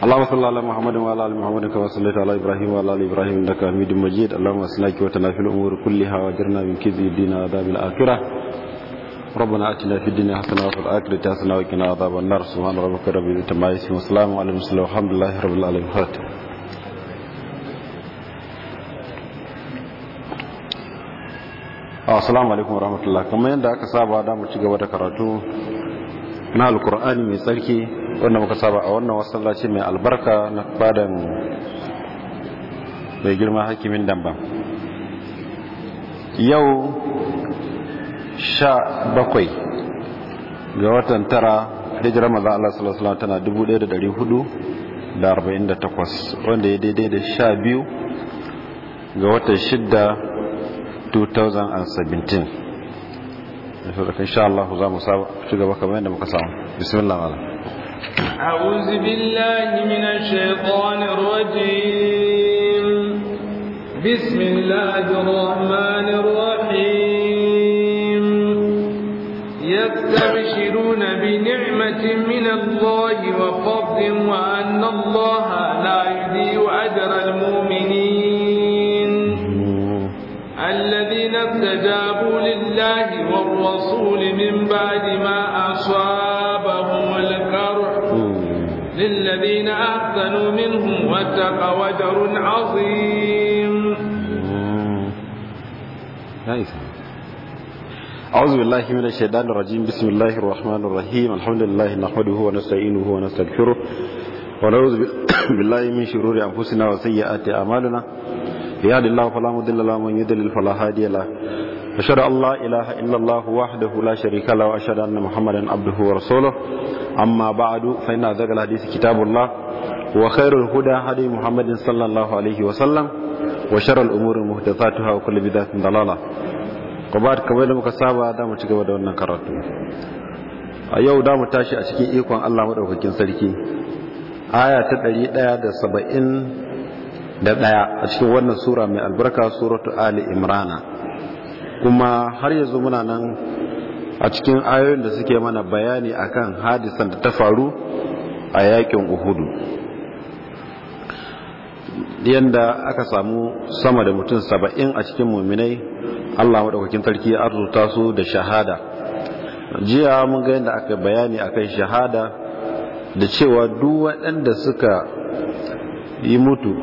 اللهم صل على محمد وعلى ال محمد كما صليت على ابراهيم وعلى ال ابراهيم انك حميد مجيد اللهم اصلح وتنا في الامور كلها واجرنا من كذب الدين وعذاب الاخره ربنا اتنا في الدنيا حسنه وفي الاخره حسنه وقنا عذاب النار سبحان ربك رب العزه عما يصفون والسلام على المرسلين والحمد لله رب العالمين فاتح assalamu alaikum warahmatullahi kamar yadda aka saba da mu ci gaba da karatu na alkur'ani mai tsarki wanda muka saba a wannan wasallaci mai albarka na fadan mai girma hakimin damban yau sha bakwai ga watan tara hijirar maza Allah salasalama tana takwas wanda ya daidai da sha biyu ga watan shidda 2017 sha Allah za mu ci gaba kamar yadda muka samu bismillah أعوذ بالله من الشيطان الرجيم بسم الله الرحمن الرحيم يستبشرون بنعمة من الله وفضل وأن الله لا يضيع أجر المؤمنين الذين استجابوا لله والرسول من بعد ما أصاب للذين أحسنوا منهم واتقوا أجر عظيم أعوذ بالله من الشيطان الرجيم بسم الله الرحمن الرحيم الحمد لله نحمده ونستعينه ونستغفره ونعوذ بالله من شرور أنفسنا وسيئات أعمالنا يهد الله فلا مضل له ومن يضلل فلا هادي له أشهد أن لا إله إلا الله وحده لا شريك له وأشهد أن محمدا عبده ورسوله أما بعد فإن أذكر الحديث كتاب الله وخير الهدى هدي محمد صلى الله عليه وسلم وشر الأمور محدثاتها وكل بدعة ضلالة وبعد كما يدمك الصحابة دام تكبر دون نكرات أيو دام تاشي أشكي إيقوان الله مدوكين سلكي آية تدري آية دا سبعين da ɗaya a cikin wannan sura mai albarka suratu ali imrana kuma har yanzu muna nan a cikin ayoyin da suke mana bayani akan hadisan da ta faru a yakin uhudu yadda aka samu sama da mutum saba'in a cikin muminai allah maɗaukakin sarki ya arzuta su da shahada jiya mun ga yadda aka bayani akan shahada da cewa duk waɗanda suka yi mutu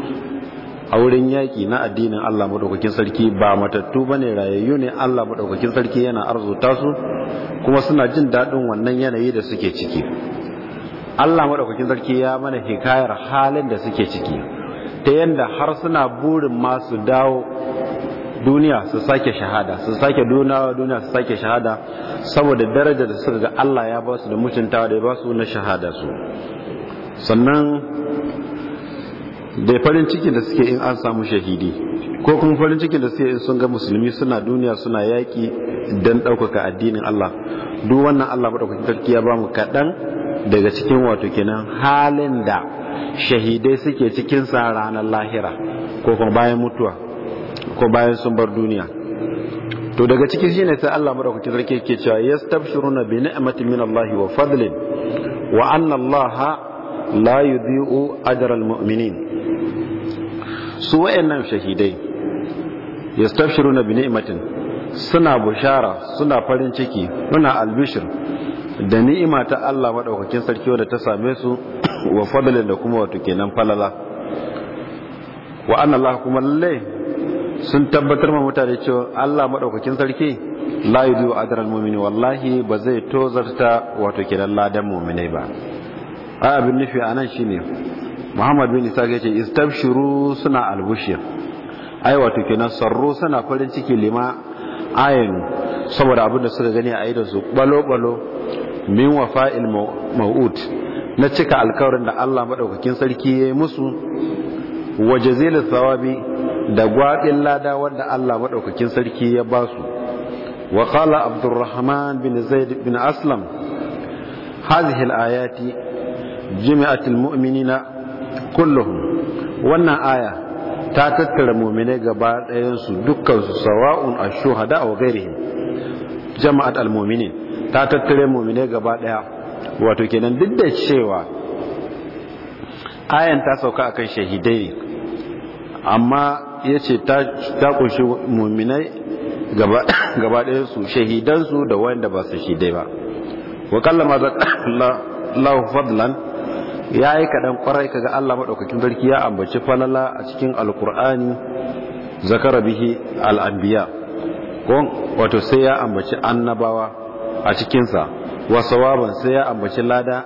a wurin yaƙi na addinin Allah maɗaukakin sarki ba matattu ba ne rayayyu ne Allah maɗaukakin sarki yana arzuta su kuma suna jin daɗin wannan yanayi da suke ciki Allah maɗaukakin sarki ya mana hikayar halin da suke ciki ta yadda har suna burin masu dawo duniya su sake shahada su sake duniya duniya su sake shahada saboda daraja da suka ga Allah ya ba su da mutuntawa da ya ba su na shahada su sannan da farin cikin da suke in an samu shahidi ko kuma farin cikin da suke in sun ga musulmi suna duniya suna yaƙi don ɗaukaka addinin Allah duk wannan Allah ɗaukaka sarki ya bamu kaɗan daga cikin wato kenan halin da shahidai suke cikin sa ranar lahira ko kuma bayan mutuwa ko bayan sun bar duniya to daga ciki ne sai Allah madaukakin sarki ke cewa yastabshiruna bi ni'mati min Allah wa fadlin wa anna Allah la yudhi'u ajra al-mu'minin su wayannan shahidai na bi ni'matin suna bushara suna farin ciki suna albishir da ni'ima ta Allah madaukakin sarki wanda ta same su wa fadlan da kuma wato kenan falala wa kuma lalle sun tabbatar ma mutane cewa Allah madaukakin sarki la yudu adral mu'mini wallahi ba zai tozarta wato kenan ladan mu'minai ba a abin nufi anan shine muhammad bin isa ya ce istabshiru suna albushir ai wato kenan sarro suna farin ciki lima ayin saboda abin da suka gani a idon su balo balo min wafa'il mau'ud na cika alkawarin da Allah madaukakin sarki yayi musu wa jazilu thawabi da gwadin lada wanda Allah madaukakin sarki ya ba su wa qala abdurrahman bin zaid bin aslam hadhihi al-ayati jami'atul muminina Kullum wannan aya ta tattara mu'minai gaba ɗayensu dukkan su sawa'un a shuhada a ghairihim jama'at al ta tattare mu'minai gaba ɗaya wato kenan duk da cewa ayan ta sauka a kan shahidai amma yace ta ta kunshi mu'minai gaba ɗayensu shahidansu da wanda ba su shidai ba wa maza da lafadlan ya yi kaɗan ƙwarai kaga Allah maɗaukakin sarki ya ambaci falala a cikin alƙur'ani zakara bihi al'ambiya ko wato sai ya ambaci annabawa a cikinsa wasawaban sai ya ambaci lada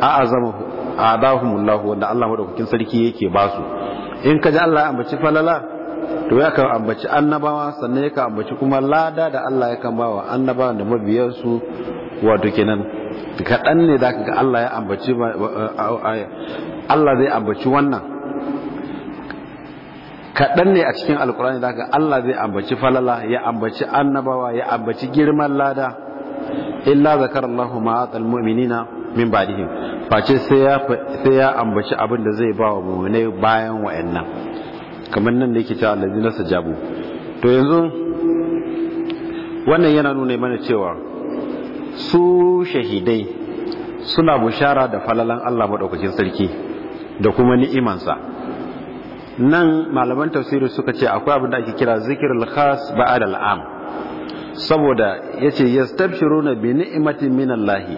a azama a adahumullahu wanda Allah maɗaukakin sarki yake ba su in ka ji Allah ya ambaci falala to ya ka ambaci annabawa sannan ya ka ambaci kuma lada da Allah ya kan ba wa annabawa da mabiyansu wato kenan kaɗan ne za ga Allah ya ambaci Allah zai ambaci wannan kaɗan ne a cikin alkurani za ga Allah zai ambaci falala ya ambaci annabawa ya ambaci girman lada illa zakar Allah ma'atal mu'minina min badihim face sai ya sai ya ambaci abin da zai ba wa mu'minai bayan wa'annan kamar nan da yake cewa allazina sajabu to yanzu wannan yana nuna mana cewa su shahidai suna bushara da falalan Allah maɗaukacin sarki da kuma ni'imansa nan malaman tafsiri suka ce akwai abin da ake kira zikirul khas ba'ad al'am saboda yace yastabshiruna bi ni'matin minallahi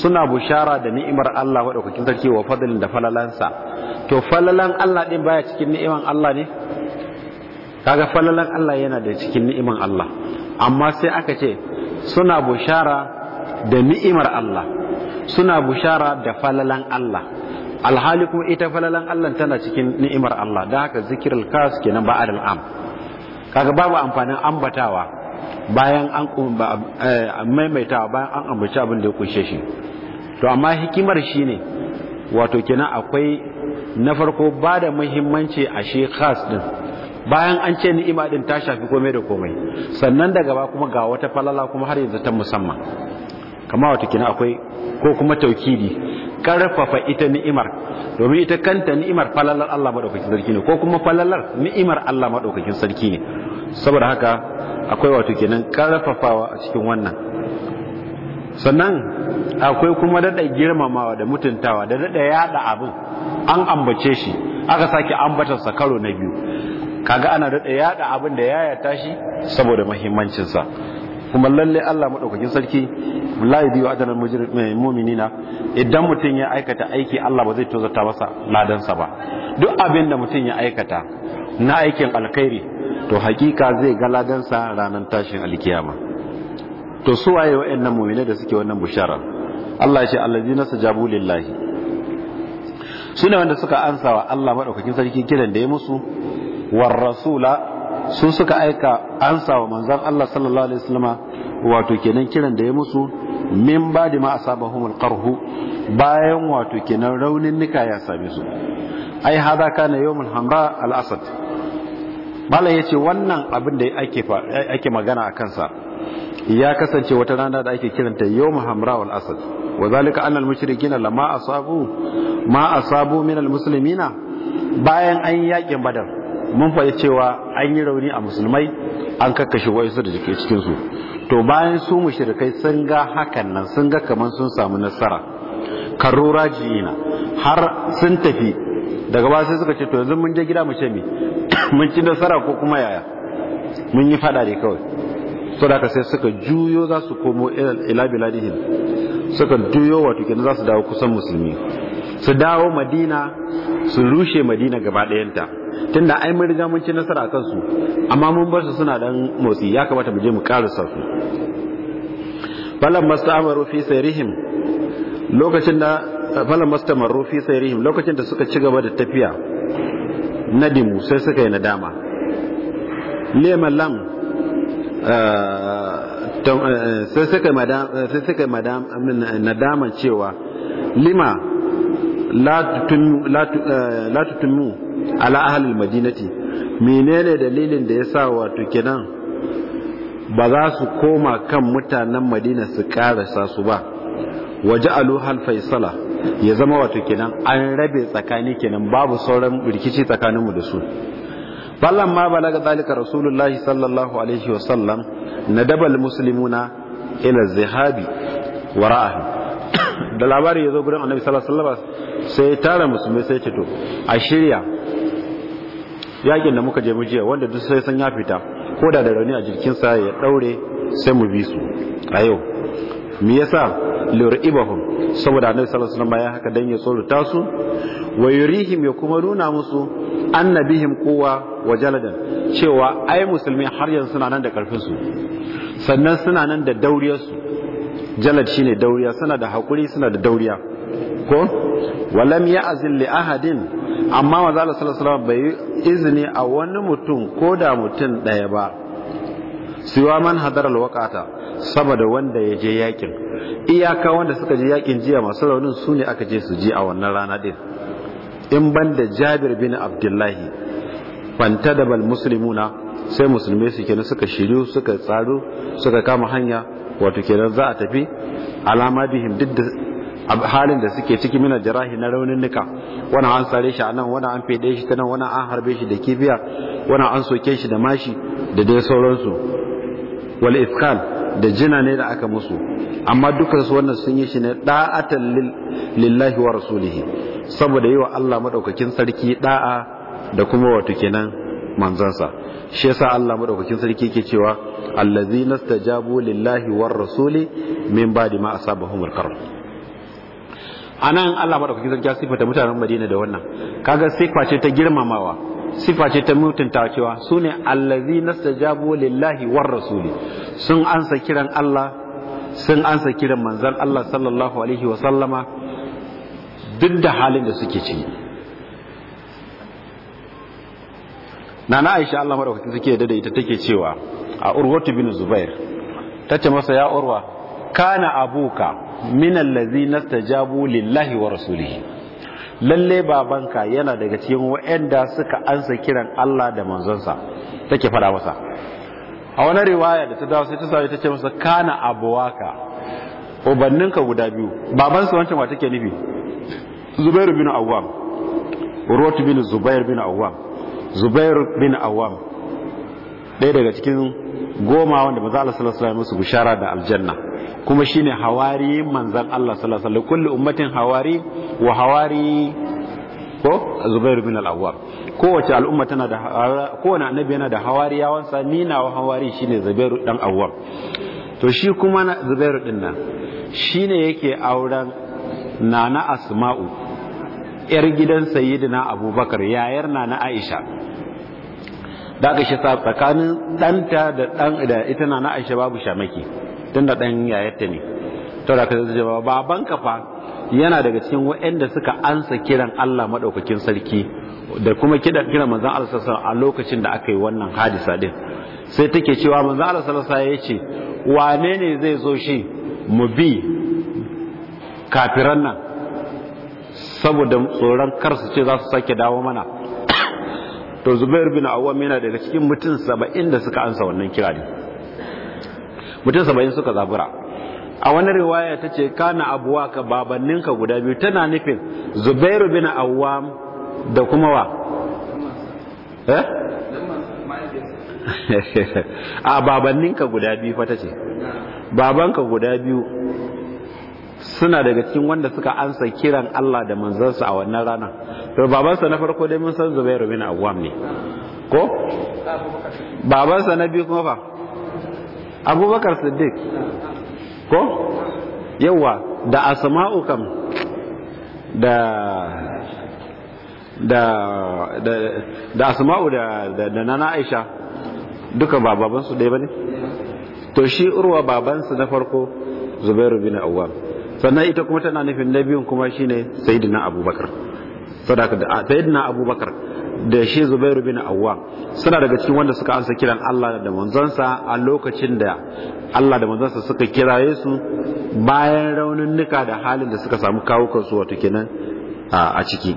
suna bushara da ni'imar Allah maɗaukacin sarki wa fadlin da falalansa to falalan Allah din baya cikin ni'iman Allah ne kaga falalan Allah yana da cikin ni'iman Allah amma sai aka ce suna bushara da ni'imar Allah suna bushara da falalan Allah alhali kuma ita falalan Allah tana cikin ni'imar Allah don haka zikirul kas kenan ba'ad al'am kaga babu amfanin ambatawa bayan an eh, maimaitawa bayan an ambaci abin da ya kunshe shi to amma hikimar shi ne wato kenan akwai na farko ba da muhimmanci a shi khas din bayan an ce ni'ima din ta shafi komai da komai sannan daga ba kuma ga wata falala kuma har yanzu ta musamman kama wata kina akwai ko kuma taukidi karfafa ita ni'imar domin ita kanta ni'imar falalar Allah madaukakin sarki ne ko kuma falalar ni'imar Allah madaukakin sarki ne saboda haka akwai wato kenan karfafawa a cikin wannan sannan akwai kuma dada girmamawa da mutuntawa da dada yada abin an ambace shi aka sake ambatar sa karo na biyu kaga ana daɗe yaɗa abin da ya yata shi saboda mahimmancinsa kuma lalle Allah maɗaukakin sarki wallahi biyo biyu muminina idan mutum ya aikata aiki Allah ba zai tozata masa ladansa ba duk abin da mutum ya aikata na aikin alkhairi to hakika zai ga ladansa ranar tashin alkiyama to su waye wa'annan muminai da suke wannan bushara Allah ya ce allazina sajabu lillahi sune wanda suka ansa wa Allah maɗaukakin sarki kiran da ya musu war rasula su suka aika ansa wa manzon Allah sallallahu alaihi wasallama wato kenan kiran da ya musu min da ma asabahumul qarhu bayan wato kenan raunin nika ya same su ai hada kana yawmul hamra al asad bala yace wannan abin da ake ake magana a kansa ya kasance wata rana da ake kiranta yawmul hamra wal asad wa zalika anna al mushrikina lama asabu ma asabu min al muslimina bayan an yakin badar mun faɗi cewa an yi rauni a musulmai an kakkashe wayansu da jike cikinsu to bayan su mushrikai sun ga hakan nan sun ga kamar sun samu nasara karura jiina har sun tafi daga ba sai suka ce to yanzu mun je gida mu ce me mun ci nasara ko kuma yaya mun yi fada ne kawai so da sai suka juyo za su komo ila biladihim suka juyo wato kenan za su dawo kusan musulmi su dawo madina su rushe madina gaba ɗayanta tunda ai mun riga mun ci nasara a kansu amma mun bar su suna dan motsi ya kamata mu je mu karasa su falan mastamaru fi sayrihim lokacin da falan mastamaru fi sayrihim lokacin da suka ci gaba da tafiya nadimu sai suka yi nadama leman lam eh, eh, sai suka eh, nadaman cewa lima la tutummu eh, ala ahalil madinati menene dalilin da ya sa wato kenan ba za su koma kan mutanen madina su karasa su ba waje aluhal faisala ya zama wato kenan an rabe tsakani kenan babu sauran rikici tsakaninmu da su ballan ma balaga zalika rasulullahi sallallahu alaihi wasallam na dabal muslimuna ila zihabi wara'ahu da labari ya zo gurin annabi sallallahu alaihi wasallam sai ya tara musulmi sai ce to a shirya yakin da muka je mujiya wanda duk sai san ya fita ko da da rauni a sa ya daure sai mu bi su a yau me yasa ibahum saboda annabi sallallahu alaihi wasallam ya haka dan ya tsoro su wa yurihim ya kuma nuna musu annabihim kowa wa jaladan cewa ai musulmi har yanzu suna nan da karfin su sannan suna nan da dauriyar su jalad shine dauriya suna da hakuri suna da dauriya ko walam ya azin li ahadin amma maza Allah sallallahu bai izini a wani mutum ko da mutum ɗaya ba siwa man hadar alwakata saboda wanda ya je yakin iyaka wanda suka je yakin jiya masu raunin su ne aka je su ji a wannan rana din in ban da Jabir bin Abdullahi fanta da bal muslimuna sai musulmai su kenan suka shiru suka tsaro suka kama hanya wato kenan za a tafi alama bihim duk da a halin da suke ciki mina jarahi na raunin nika wani an sare shi a nan wani an fede shi ta nan wani an harbe shi da kibiya wani an soke shi da mashi da dai sauransu wal iskal da jina ne da aka musu amma dukkan su wannan sun yi shi ne da'atan lillahi wa rasulihi saboda yi wa Allah madaukakin sarki da'a da kuma wato kenan manzansa shi yasa Allah madaukakin sarki yake cewa allazi nastajabu lillahi war rasuli min ba'di ma asabahum al-qarh a nan allah maɗaukakin sarki ya sifata mutanen madina da wannan kaga sifa ce ta girmamawa sifa ce ta mutunta cewa su ne allazi nastajabu lillahi war rasuli sun ansa kiran allah sun ansa kiran manzan allah sallallahu alaihi wa sallama duk da halin da suke ciki nana aisha allah maɗaukakin sarki ya dada ita take cewa a urwatu bin zubair ta ce masa ya urwa kana abuka min allazi nastajabu lillahi wa rasulihi lalle babanka yana daga cikin waɗanda suka ansa kiran Allah da manzonsa take fada masa a wani riwaya da ta dawo sai ta sai ta ce masa kana abuwaka ubanninka guda biyu babansa wancan wa take nufi Zubair bin Awwam Urwat bin Zubair bin Awwam Zubair bin Awwam ɗaya daga cikin goma wanda maza Allah sallallahu alaihi wasallam musu bishara da aljanna kuma shine hawari manzan Allah sallallahu alaihi wasallam kullu ummatin hawari wa hawari ko Zubair bin al-Awwam kowace al'umma tana da kowane annabi yana da hawariyawansa ni nawa hawari shine Zubair dan Awwam to shi kuma na Zubair din nan shine yake auren Nana Asma'u yar gidan Sayyidina Abubakar yayar Nana Aisha da aka shi tsakanin danta da dan da ita na Aisha babu shamaki tun da ɗan yayarta ne to da ka zai ba baban ka fa yana daga cikin waɗanda suka ansa kiran Allah maɗaukakin sarki da kuma kida kiran manzon Allah sallallahu a lokacin da aka yi wannan hadisa din sai take cewa manzon Allah sallallahu ya ce wane ne zai zo shi mu bi kafiran nan saboda tsoron kar su ce za su sake dawo mana to Zubair bin Awwam yana daga cikin mutum 70 da suka ansa wannan kira din mutum saba'in suka zabura a wani riwaya ta ce kana abuwa ka babanninka guda biyu tana nufin zubairu bin awwam da kuma wa eh? a babanninka guda biyu fata ce babanka guda biyu suna daga cikin wanda suka ansa kiran Allah da manzansa a wannan rana to babansa na farko dai mun san zubairu bin awwam ne ko babansa na biyu kuma fa abubakar siddiq ko yawa da asma'u kam da da da asma'u da da nana aisha duka ba babansu ɗaya ba ne to shi urwa babansu na farko zubairu bin awwam sannan ita kuma tana nufin na biyun kuma shine sayyidina abubakar sadaka da sayyidina abubakar da shi Zubairu bin Awwam suna daga cikin wanda suka ansa kiran Allah da manzansa a lokacin da Allah da manzansa suka kira Yesu bayan rauninnuka da halin da suka samu kawo kansu wato kenan a ciki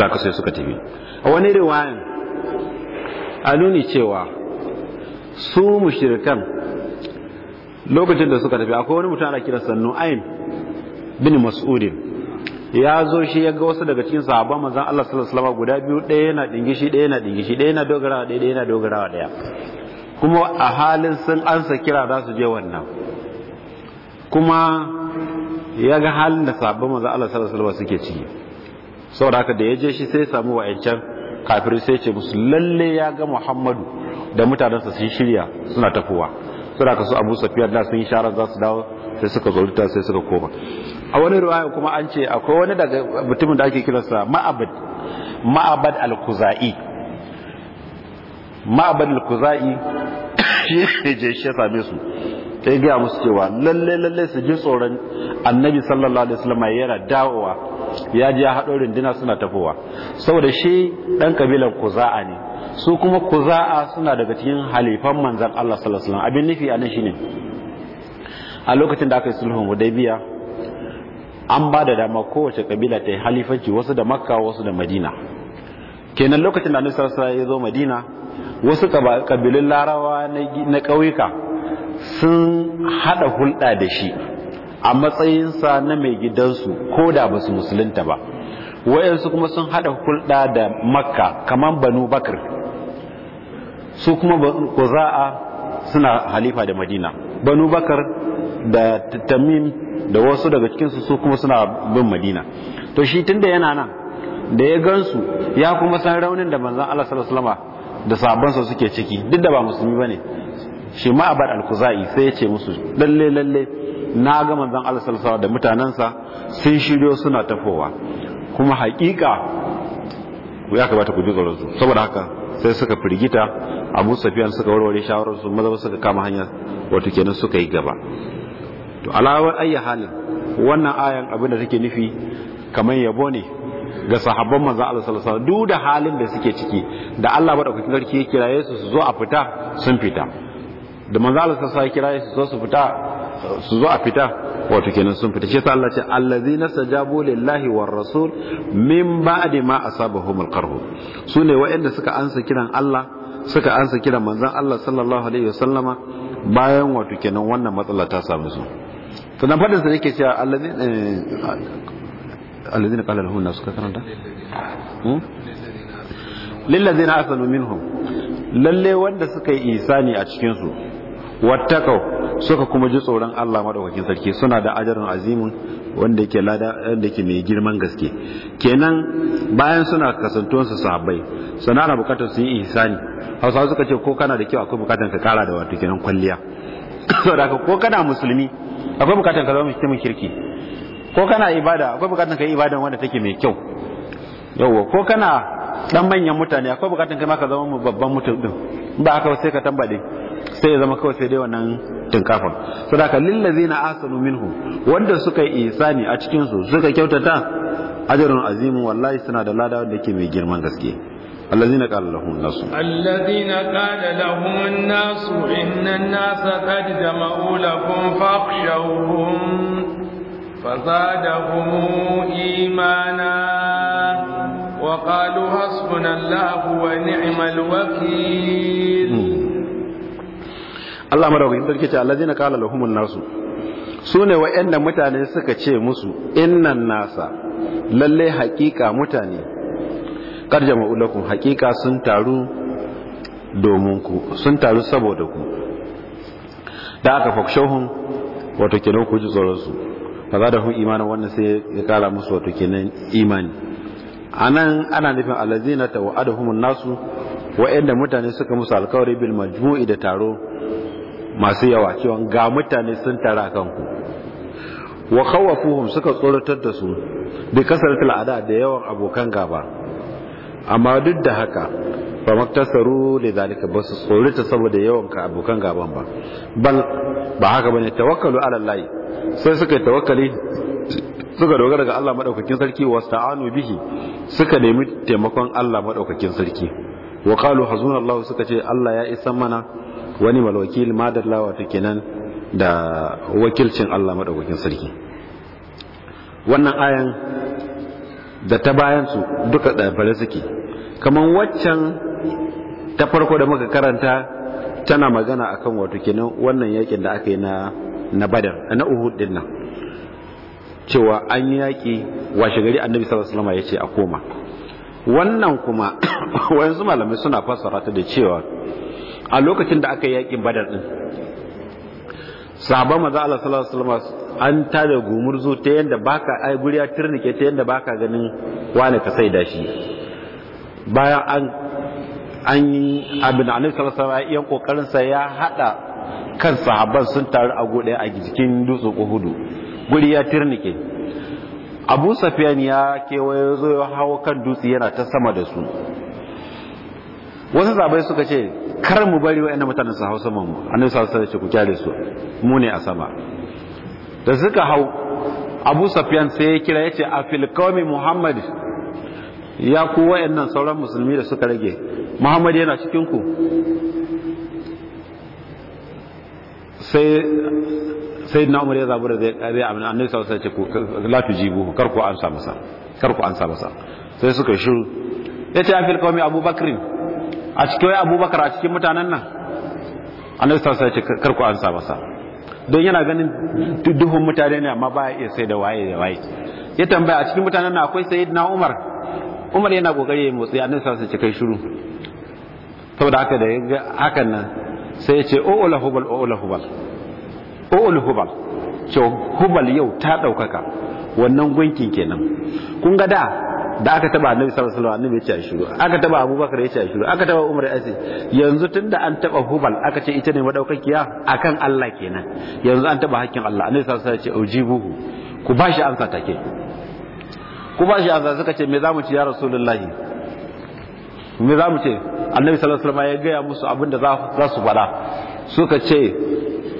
da kasai suka tafi a wani riwaya a nuni cewa su mushrikan lokacin da suka tafi akwai wani mutum ana sannu Nu'aym bin Mas'udin ya zo shi ya ga wasu daga cikin sahabban manzon Allah sallallahu alaihi wasallam guda biyu ɗaya yana dingishi ɗaya yana dingishi ɗaya yana dogarawa ɗaya ɗaya yana dogarawa ɗaya kuma a halin sun ansa kira za su je wannan kuma ya ga halin da sahabban manzon Allah sallallahu alaihi wasallam suke ciki saboda haka da ya je shi sai ya samu wa'ancan kafirai sai ce musu lalle ya ga Muhammadu da mutanensa sun shirya suna tafowa saboda haka su Abu Sufyan da sun yi sharar za su dawo sai suka zo sai suka koma a wani ruwa kuma an ce akwai wani daga mutumin da ake kiransa ma'abad ma'abad al-kuzai ma'abad al-kuzai shi ne je shi ya same su Ta yi gaya musu cewa lalle lalle su ji tsoron annabi sallallahu alaihi wasallam yana dawowa ya ji ya haɗo rinduna suna tafowa saboda shi ɗan kabilan kuza'a ne su kuma kuza'a suna daga cikin halifan manzan Allah sallallahu alaihi wasallam abin nufi a nan shine a lokacin da aka yi sulhun hudaibiya an ba da dama kowace kabila ta yi halifanci wasu da makka wasu da madina kenan lokacin da annabi sallallahu ya zo madina wasu kabilun larawa na ƙauyuka sun haɗa hulɗa da shi a matsayinsa na mai gidansu ko da ba su musulunta ba wayansu kuma sun haɗa hulɗa da makka kamar banu bakar su kuma kuza'a suna halifa da madina banu bakar da tamim da wasu daga cikinsu su kuma suna bin madina to shi tunda yana nan da ya gansu ya kuma san raunin da manzan Allah sallallahu alaihi wasallama da sa suke ciki duk da ba musulmi bane shi ma abad al sai ya ce musu lalle lalle na ga manzan Allah sallallahu alaihi da mutanansa sun shiryo suna tafowa kuma hakika ya kamata ku ji tsoron su saboda haka sai suka firgita abu safiyan suka warware shawarar su maza suka kama hanya wato kenan suka yi gaba to alawar ayya halin wannan ayan abin da take nufi kamar yabo ne ga sahabban manzo Allah sallallahu alaihi duk da halin da suke ciki da Allah madaukakin sarki ya kira Yesu su zo a fita sun fita da manzo Allah sallallahu alaihi Yesu su zo su fita su zo a fita wato kenan sun fita shi yasa Allah ce allazina sajabu lillahi war rasul min ba'di ma asabahum alqarh sune wa'inda suka ansa kiran Allah suka ansa kiran manzon Allah sallallahu alaihi wasallama bayan wato kenan wannan matsala ta samu su sannan fadin sa yake cewa allazi eh, allazina qala lahum nas ka karanta hmm? ladina asanu minhum lalle wanda suka yi isani a cikin su wattaqau suka kuma ji tsoron Allah madaukakin sarki suna da ajarin azimun wanda yake lada wanda yake mai girman gaske kenan bayan suna kasantuwansu sahabbai suna na bukatar su yi ihsani hausa suka ce ko kana da kyau akwai bukatar ka kara da wato kenan kwalliya saboda ko kana musulmi akwai bukatar ka zama mutumin kirki ko kana ibada akwai bukatar ka yi ibadan wanda take mai kyau yawwa ko kana dan manyan mutane akwai bukatar kai ma ka zama babban mutum din ba haka sai ka tambade sai ya zama kawai sai dai wannan tinkafin sadaka ladzina asanu minhu wanda suka yi isani a cikin su suka kyautata ajrun azimu wallahi suna da lada wanda yake mai girman gaske الذين قال لهم الناس الذين قال لهم الناس ان الناس قد جمعوا لكم فاخشوهم فزادهم ايمانا وقالوا حسبنا الله ونعم الوكيل Allah madaukakin sarki ce allazina qala lahumun nasu sune wa'anda mutane suka ce musu innan nasa lalle haƙiƙa mutane karjama ma'ulakun hakika sun taru domin ku sun taru saboda ku da aka fakshahun wato kenan ku ji tsoronsu su za da hun imanin wannan sai ya kara musu wato kenan imani nan ana nufin wa'ada tawa'aduhumun nasu wa'anda mutane suka musu alkawari bil majmu'i da taro masu yawa cewa ga mutane sun tara kanku wa khawafuhum suka tsoratar da su bi kasar tilada da yawan abokan gaba amma duk da haka ba maktasaru da zalika ba su tsorita saboda yawan ka abokan gaban ba bal ba haka bane tawakkalu ala Allah sai suka yi tawakkali suka dogara ga Allah madaukakin sarki wasta'anu bihi suka nemi taimakon Allah madaukakin sarki wa kalu hazuna Allah suka ce Allah ya isa mana wani malwakil madalla ta kenan da wakilcin Allah maɗaukakin sarki wannan ayan da ta bayansu duka ɗanfare suke kamar waccan ta farko da muka karanta tana magana akan wato kenan wannan yakin da aka yi na na badar na uhud din nan cewa an yi yaƙi washe gari annabi sallallahu alaihi wasallam ya ce a koma wannan kuma wayansu malamai suna fassara ta da cewa a lokacin da aka yi yaƙin badar din sahabban manzo Allah sallallahu alaihi wasallam an tada zu ta ba baka ai guri ya turnike ta ba baka ganin wani ka da shi bayan an an yi abin annabi sallallahu alaihi wasallam kokarin sa ya hada kan sahabban sun taru a gode a jikin dutsen Uhudu guri ya turnike Abu safiyan ya kewaye zo ya hawo kan dutse yana ta sama da su wasu zabai suka ce kar mu bari wa'annan mutanen su hausa mu annabi sallallahu alaihi wasallam ya ce ku kyale su mu ne a sama da suka hau abu safiyan sai ya kira ya ce a filkawami muhammad ya kuwa wa'annan sauran musulmi da suka rage muhammad yana cikinku sai sai na umar ya zabu da zai ɗari a sallallahu alaihi wasallam ce lafi jibu kar ku sa masa kar ku sai suka shiru yace a fil Abu abubakar a cikin abubakar a cikin mutanen nan annabi sallallahu ce kar ku sa masa don yana ganin duhun mutane ne amma ba ya iya sai da waye da waye ya tambaya a cikin mutanen na akwai na Umar Umar yana kokari ya motsi annabi sallallahu alaihi wasallam kai shiru saboda haka da ga hakan nan sai ya ce ola hubal o'ul hubal hubal ce hubal yau ta daukaka wannan gunkin kenan kun ga da da aka taba annabi sallallahu alaihi wasallam ya ci shiru aka taba abubakar ya ci shiru aka taba umar ya ci yanzu tunda an taba hubal aka ce ita ne madaukakiya akan Allah kenan yanzu an taba hakkin Allah annabi sallallahu alaihi wasallam ya ce ujibuhu ku bashi amsa take ku bashi amsa suka ce me zamu ci ya rasulullahi me zamu ce annabi sallallahu alaihi wasallam ya gaya musu abinda da za su faɗa suka ce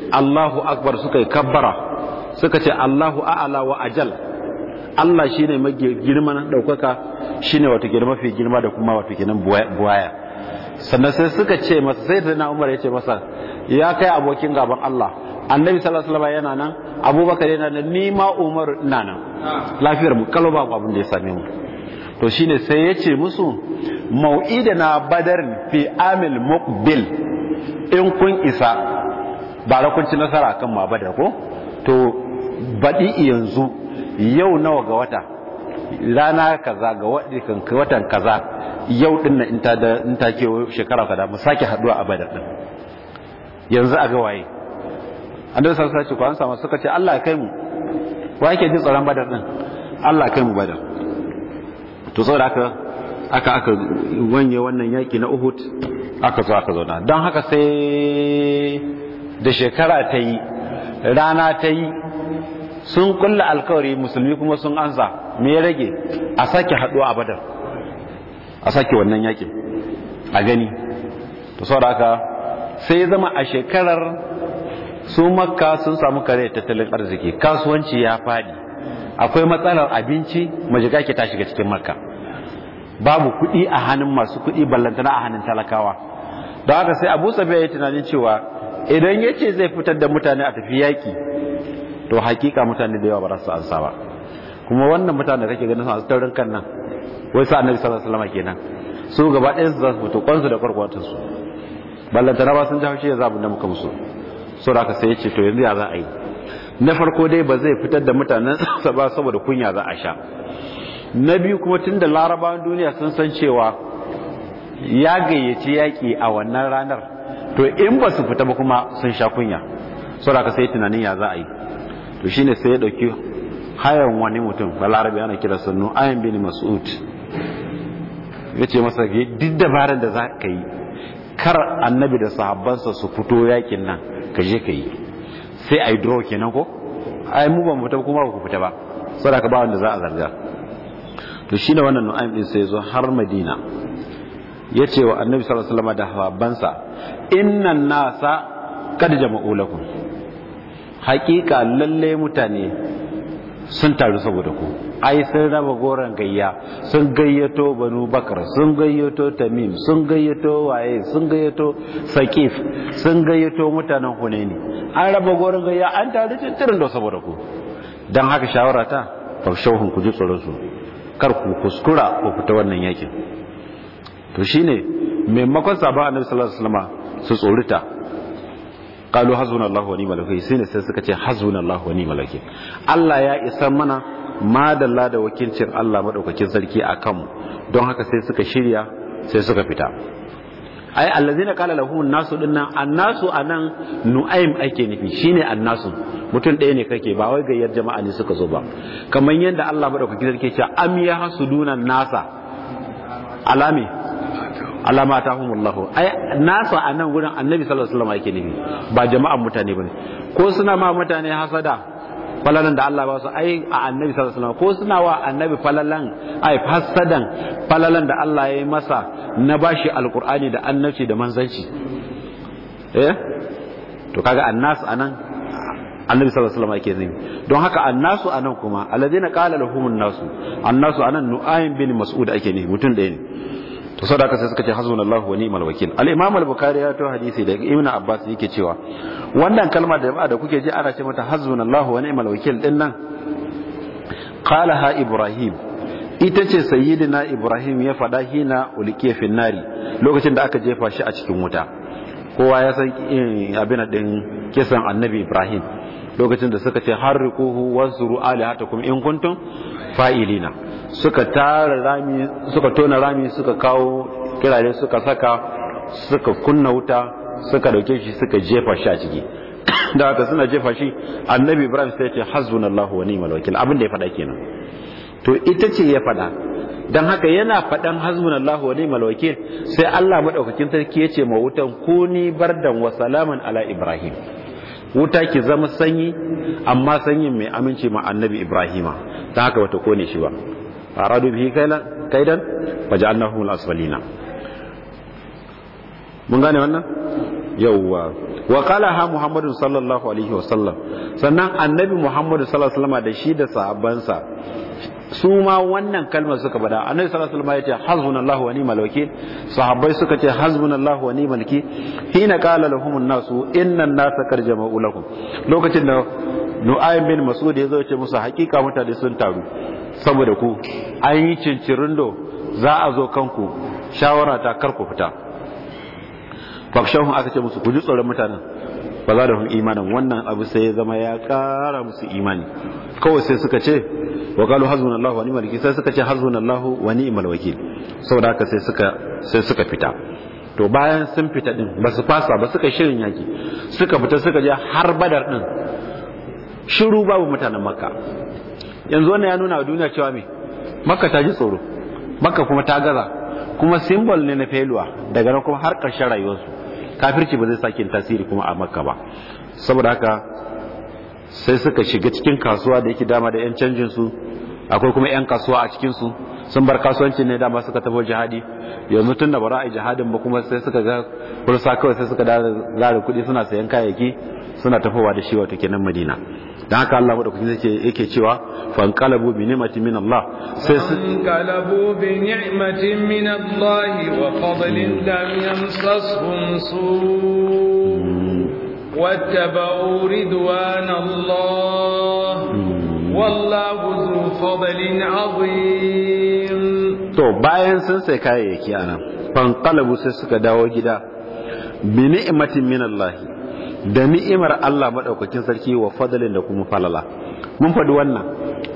Allahu akbar suka yi kabbara suka ce Allahu a'ala wa ajal Allah shine girma girman daukaka shine wato girma fi girma da kuma wato kenan buwaya sannan sai suka ce masa sai da na Umar ya ce masa ya kai abokin gaban Allah annabi sallallahu alaihi wasallam yana nan abubakar yana nan ni ma Umar ina nan lafiyar mu kalo ba abun da ya same mu to shine sai ya ce musu mau'idana badar fi amil muqbil in kun isa ba kun ci nasara kan ma badar ko to baɗi yanzu yau nawa ga wata rana kaza ga watan kaza yau din na in ta ke shekara kada mu sake haduwa a badar din yanzu a ga waye annabi sallallahu ce wasallam sama suka ce Allah ya kai mu wa yake jin tsaron badar din Allah ya kai mu badar to saboda haka aka aka wanye wannan yaki na Uhud aka zo aka zauna don haka sai da shekara ta yi rana ta yi sun kulla alkawari musulmi kuma sun ansa me ya rage a sake haɗu a badar a sake wannan yakin a gani to saboda haka sai zama a shekarar su makka sun samu kare tattalin arziki kasuwanci ya fadi akwai matsalar abinci majiga ke tashi ga cikin makka babu kuɗi a hannun masu kuɗi ballantana a hannun talakawa da haka sai abu safiya ya tunanin cewa idan ya ce zai fitar da mutane a tafi yaƙi to hakika mutane da yawa ba za su ansa ba kuma wannan mutane da kake ganin su tsarin kan nan wai sa annabi sallallahu alaihi wasallam kenan su gaba ɗayan su za su fito kwansu da kwarkwatan su ballanta na ba sun ji haushi ya zabu da muka musu so da sai ya ce to yanzu ya za a yi na farko dai ba zai fitar da mutanen sa ba saboda kunya za a sha na biyu kuma tun da larabawan duniya sun san cewa ya gayyaci yaƙi a wannan ranar to in ba su fita ba kuma sun sha kunya saboda ka sai tunanin ya za a yi to shine sai ya dauki hayan wani mutum balarabi ana kira sannu ayan bin mas'ud yace ce masa duk dabarar da zaka yi kar annabi da sahabbansa su fito yakin nan ka je ka yi sai a draw kenan ko ai mu ba mu fita kuma ba ku fita ba saboda ka ba wanda za a zarga to shine wannan nu'aym din sai zo har madina yace wa annabi sallallahu alaihi wasallam da sahabbansa innan nasa kad jama'u lakum haƙiƙa lalle mutane sun taru saboda ku ai sun raba goron gayya sun gayyato banu bakar sun gayyato tamim sun gayyato waye sun gayyato sakif sun gayyato mutanen hunaini an raba goran gayya an taru tintirin da saboda ku don haka shawara ta fafshauhun ku ji tsoron su kar ku kuskura ku fita wannan yakin to shine maimakon sabon annabi sallallahu alaihi wasallam su tsorita qalu hasbunallahu wa ni'mal wakeel sai sai suka ce hasbunallahu wa ni'mal wakeel Allah ya isa mana madalla da wakilcin Allah madaukakin sarki akan mu don haka sai suka shirya sai suka fita ai allazina qala lahum nasu dinnan annasu anan nu'aim ake nufi shine annasu mutum ɗaya ne kake ba wai gayyar jama'a ne suka zo ba kamar yadda Allah madaukakin sarki ya ce am ya hasuduna nasa alami alama ta humullahu ai nasa a nan gurin annabi sallallahu alaihi wasallam yake nufi ba jama'an mutane bane ko suna ma mutane hasada falalan da Allah ba su ai a annabi sallallahu alaihi wasallam ko suna wa annabi falalan ai hasadan falalan da Allah ya yi masa na bashi alqur'ani da annabci da manzanci eh to kaga annas anan annabi sallallahu alaihi wasallam yake nufi don haka annasu anan kuma alladhina qala lahumun nasu annasu anan nu'aym bin mas'ud ake nufi mutum ɗaya ne to sadaka sai suka ce hasbunallahu wa ni'mal wakil al-imam al-bukhari ya to hadisi da ibnu abbas yake cewa wannan kalma da ba da kuke ji ana ce mata hasbunallahu wa ni'mal wakil din nan qalaha ibrahim ita ce sayyidina ibrahim ya fada hina ulqiya fi nari lokacin da aka jefa shi a cikin wuta kowa ya san eh, abin din kisan annabi ibrahim lokacin da suka ce har harriquhu wasru alihatakum in kuntum fa'ilina suka tara rami suka tona rami suka kawo kirare suka saka suka kunna wuta suka dauke shi suka jefa shi a ciki da haka suna jefa shi annabi ibrahim sai ce hasbunallahu wa ni'mal wakil abin da ya faɗa kenan to ita ce ya faɗa dan haka yana faɗan hasbunallahu wa ni'mal wakil sai Allah madaukakin sarki ya ce ma wutan kuni bardan wa salaman ala ibrahim wuta ki zama sanyi amma sanyin mai aminci ma annabi ibrahima ta haka wata kone shi ba aradu bihi kaidan faj'alnahum al-asfalina mun gane wannan yawwa wa qala ha Muhammadu sallallahu alaihi wasallam sannan annabi muhammadu sallallahu alaihi wasallam da shi da sa. su ma wannan kalmar suka bada annabi sallallahu alaihi wasallam ya ce hasbunallahu wa ni'mal wakil sahabbai suka ce hasbunallahu wa ni'mal wakil hina qala lahum an-nasu innan nasa qad jama'u lakum lokacin da nu'aym bin mas'ud ya zo ce musu hakika mutane sun taru saboda ku an yi cincirindo za a zo kanku shawara ta kar ku fita fakshahun aka ce musu ku ji tsoron mutanen ba za da hun imanin wannan abu sai ya zama ya kara musu imani kawai sai suka ce wa qalu hasbunallahu wa ni'mal wakil sai suka ce hasbunallahu wa ni'mal wakil saboda haka sai suka sai suka fita to bayan sun fita din ba su fasa ba suka shirin yaki suka fita suka je har badar din shiru babu mutanen makka yanzu wannan ya nuna wa duniya cewa me makka ta ji tsoro makka kuma ta gaza kuma simbol ne na failure daga nan kuma har ƙarshen rayuwarsu kafirci ba zai sake tasiri kuma a makka ba saboda haka sai suka shiga cikin kasuwa da yake dama da 'yan canjin su akwai kuma 'yan kasuwa a cikin su sun bar kasuwanci ne dama suka tafi jihadi yanzu tun da bara jihadin ba kuma sai suka ga kursa kawai sai suka dara kuɗi suna sayan kayayyaki suna tafowa da shi wata kenan madina da haka Allah da yake yake cewa fanqalabu bi ni'mati min Allah sai su fanqalabu bi ni'mati min Allah wa fadlin lam yamsashum su واتبعوا hmm. ridwan Allah hmm. wallahu zu fadlin azim to bayan sun sai kayayyaki anan fanqalabu sai suka dawo gida bi ni'mati min Allah da ni'imar Allah madaukakin sarki wa fadlin da kuma falala mun faɗi wannan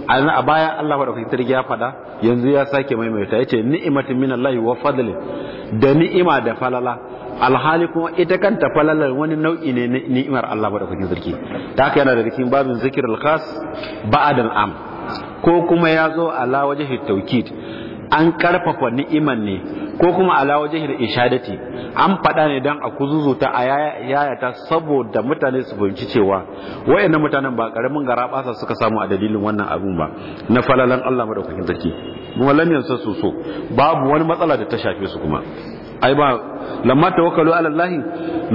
a baya Allah madaukakin sarki ya faɗa yanzu ya sake maimaita yace ni'imatin minallahi wa fadlin da ni'ima da falala alhali kuma ita kanta falalar wani nau'i ne ni'imar Allah madaukakin sarki ta haka yana daga cikin babin zikirul khas am ko kuma ya zo ala wajhi tawkid an karfafa ni'iman ne ko kuma ala wajhil ishadati an faɗa ne dan a kuzuzuta a yayata saboda mutane su fahimci cewa wayannan mutanen ba karamin basa suka samu a dalilin wannan abun ba na falalan Allah madaukakin sarki kuma lamiyan sa su so babu wani matsala da ta shafe su kuma ai ba lamma tawakkalu ala Allah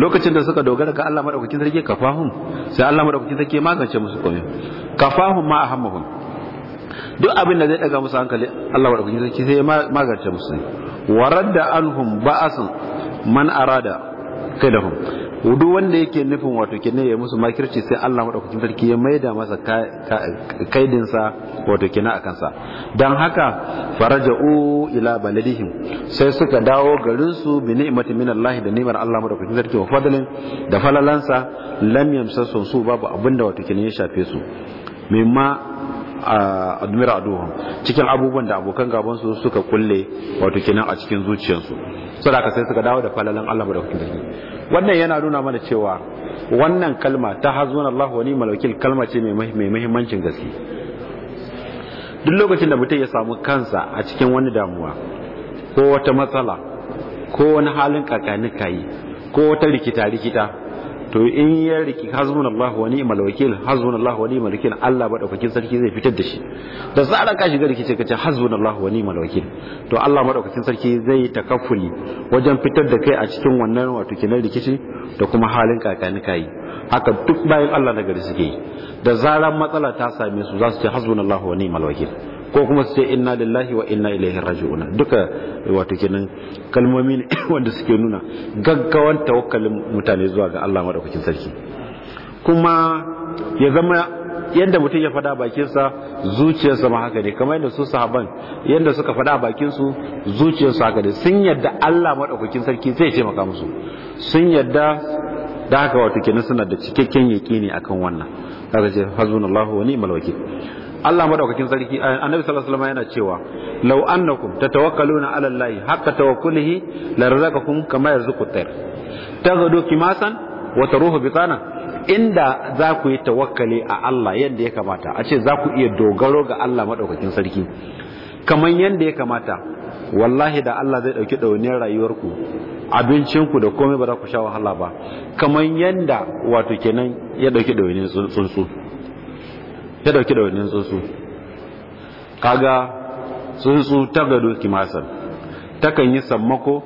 lokacin da suka dogara ga Allah madaukakin sarki kafahum sai Allah madaukakin sarki magance musu komai kafahum ma ahammuhum duk abin da zai daga musu hankali Allah madaukakin sarki sai ya magance musu waradda anhum ba'asun man arada kaidahum wudu wanda yake nufin wato kenan ya musu makirci sai Allah madaukakin sarki ya maida masa kaidinsa wato kina akan sa. dan haka faraja'u ila baladihim sai suka dawo garin su bi ni'mati min Allah da ni'mar Allah madaukakin sarki wa fadlin da falalansa lam yamsasu su babu abinda wato kenan ya shafe su mimma admira duhun cikin abubuwan da abokan gaban su suka kulle wato kenan a cikin zuciyarsu saboda sai suka dawo da falalan Allah madaukakin sarki wannan yana nuna mana cewa wannan kalma ta hazuna Allah wa ni'mal wakil kalma ce mai muhimmancin gaske duk lokacin da mutum ya samu kansa a cikin wani damuwa ko wata matsala ko wani halin kakanin kayi ko wata rikita rikita to in ya riki Allah wa ni'mal wakil Allah wa ni'mal wakil Allah madaukakin sarki zai fitar da shi da zaran ka shiga rikice kace Allah wa ni'mal wakil to Allah madaukakin sarki zai takaffuli wajen fitar da kai a cikin wannan wato kinan rikici da kuma halin kakani kai haka duk bayan Allah na gari suke da zaran matsala ta same su za su ce Allah wa ni'mal wakil ko kuma su ce inna lillahi wa inna ilaihi raji'un duka wato kenan kalmomi ne wanda suke nuna gaggawan tawakkalin mutane zuwa ga Allah madaukakin sarki kuma ya zama yanda mutum ya fada bakinsa zuciyarsa ma haka ne kamar yadda su sahaban yanda suka fada bakinsu sa haka ne sun yadda Allah madaukakin sarki zai maka musu sun yadda da haka wato kenan suna da cikakken ne akan wannan kaga ce hazunallahu wa ni'mal wakil Allah madaukakin sarki eh, annabi sallallahu alaihi wasallam yana cewa law annakum tatawakkaluna ala allahi haqqa tawakkulihi la razaqakum kama yarzuqu tayr tagadu kimasan wa taruhu bitana inda za ku yi tawakkali a Allah yadda ya kamata a ce za ku iya dogaro ga Allah madaukakin sarki kamar yadda ya kamata wallahi da Allah zai dauki dauniyar rayuwarku abincinku da komai ba za ku sha wahala ba kamar yadda wato kenan ya dauki dauniyar tsuntsu ya dauki wani tsuntsu kaga tsuntsu ta gado kimasan takan yi sammako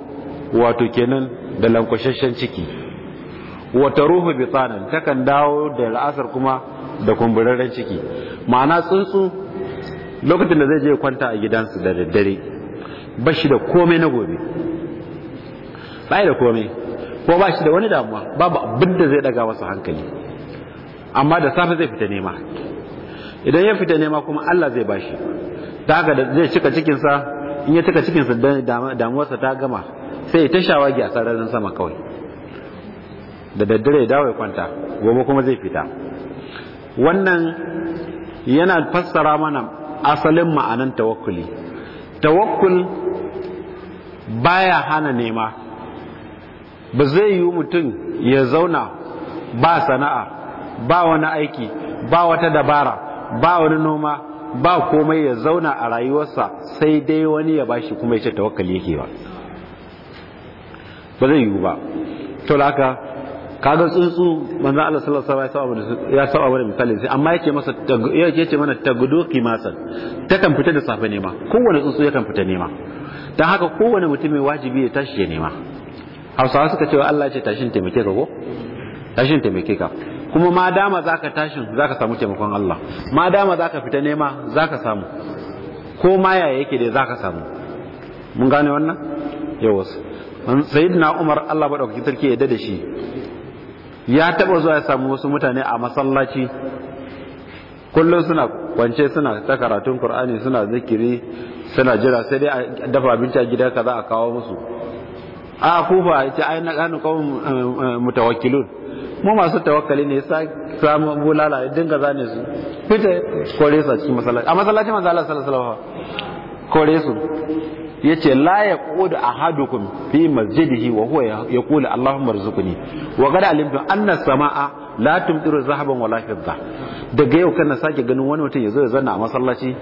wato kenan da lankwashashen ciki wata ruhu ta takan dawo da la'asar kuma da kumburarren ciki ma'ana tsuntsu lokacin da zai je kwanta a gidansu da daddare ba shi da komai na gobe ba da komai ko ba shi da wani damuwa babu abin da zai daga wasu hankali amma da safe zai fita nema idan ya fita nema kuma Allah zai bashi Da haka zai cika cikinsa in ya cika cikinsa damuwarsa ta gama sai ta shawagi a sararin sama kawai da daddare dawo ya kwanta gobe kuma zai fita wannan yana fassara mana asalin ma'anan tawakkuli tawakkul baya hana nema ba zai yi mutum ya zauna ba sana'a ba wani aiki ba wata dabara ba wani noma ba komai ya zauna a rayuwarsa sai dai wani ya bashi kuma ya ce tawakkali yake ba ba zai yiwu ba to da haka kaga tsuntsu manzo Allah sallallahu alaihi wasallam ya saba mana misali sai amma yake masa yake mana tagudu kimasan ta kan fita da safe nema kowane tsuntsu ya kan fita nema dan haka kowane mutum mai wajibi ya tashi ya nema Hausawa suka ce Allah ya ce tashin taimake ka ko tashin taimake ka kuma ma dama za ka tashin ka samu taimakon Allah ma dama za ka fita nema ka samu ko ma ya yake dai ka samu mun gane wannan yawa sayyidina Umar Allah madaukakin sarki ya da shi ya taɓa zuwa ya samu wasu mutane a masallaci kullum suna kwance suna ta karatun Qur'ani suna zikiri suna jira sai dai a dafa abinci a gida kaza a kawo musu a kufa ita ai na kanu kawun eh, eh, mutawakkilun mu masu tawakkali ne sa samu bulala ya dinga zane su fita kore su a cikin masallaci a masallacin manzo Allah sallallahu alaihi wasallam kore su yace la yaqudu ahadukum fi masjidihi wa huwa yaqulu allahumma rzuqni wa qad alimtu anna samaa la tumtiru zahaban wala fidda daga yau kana sake ganin wani mutum zo ya zanna a masallaci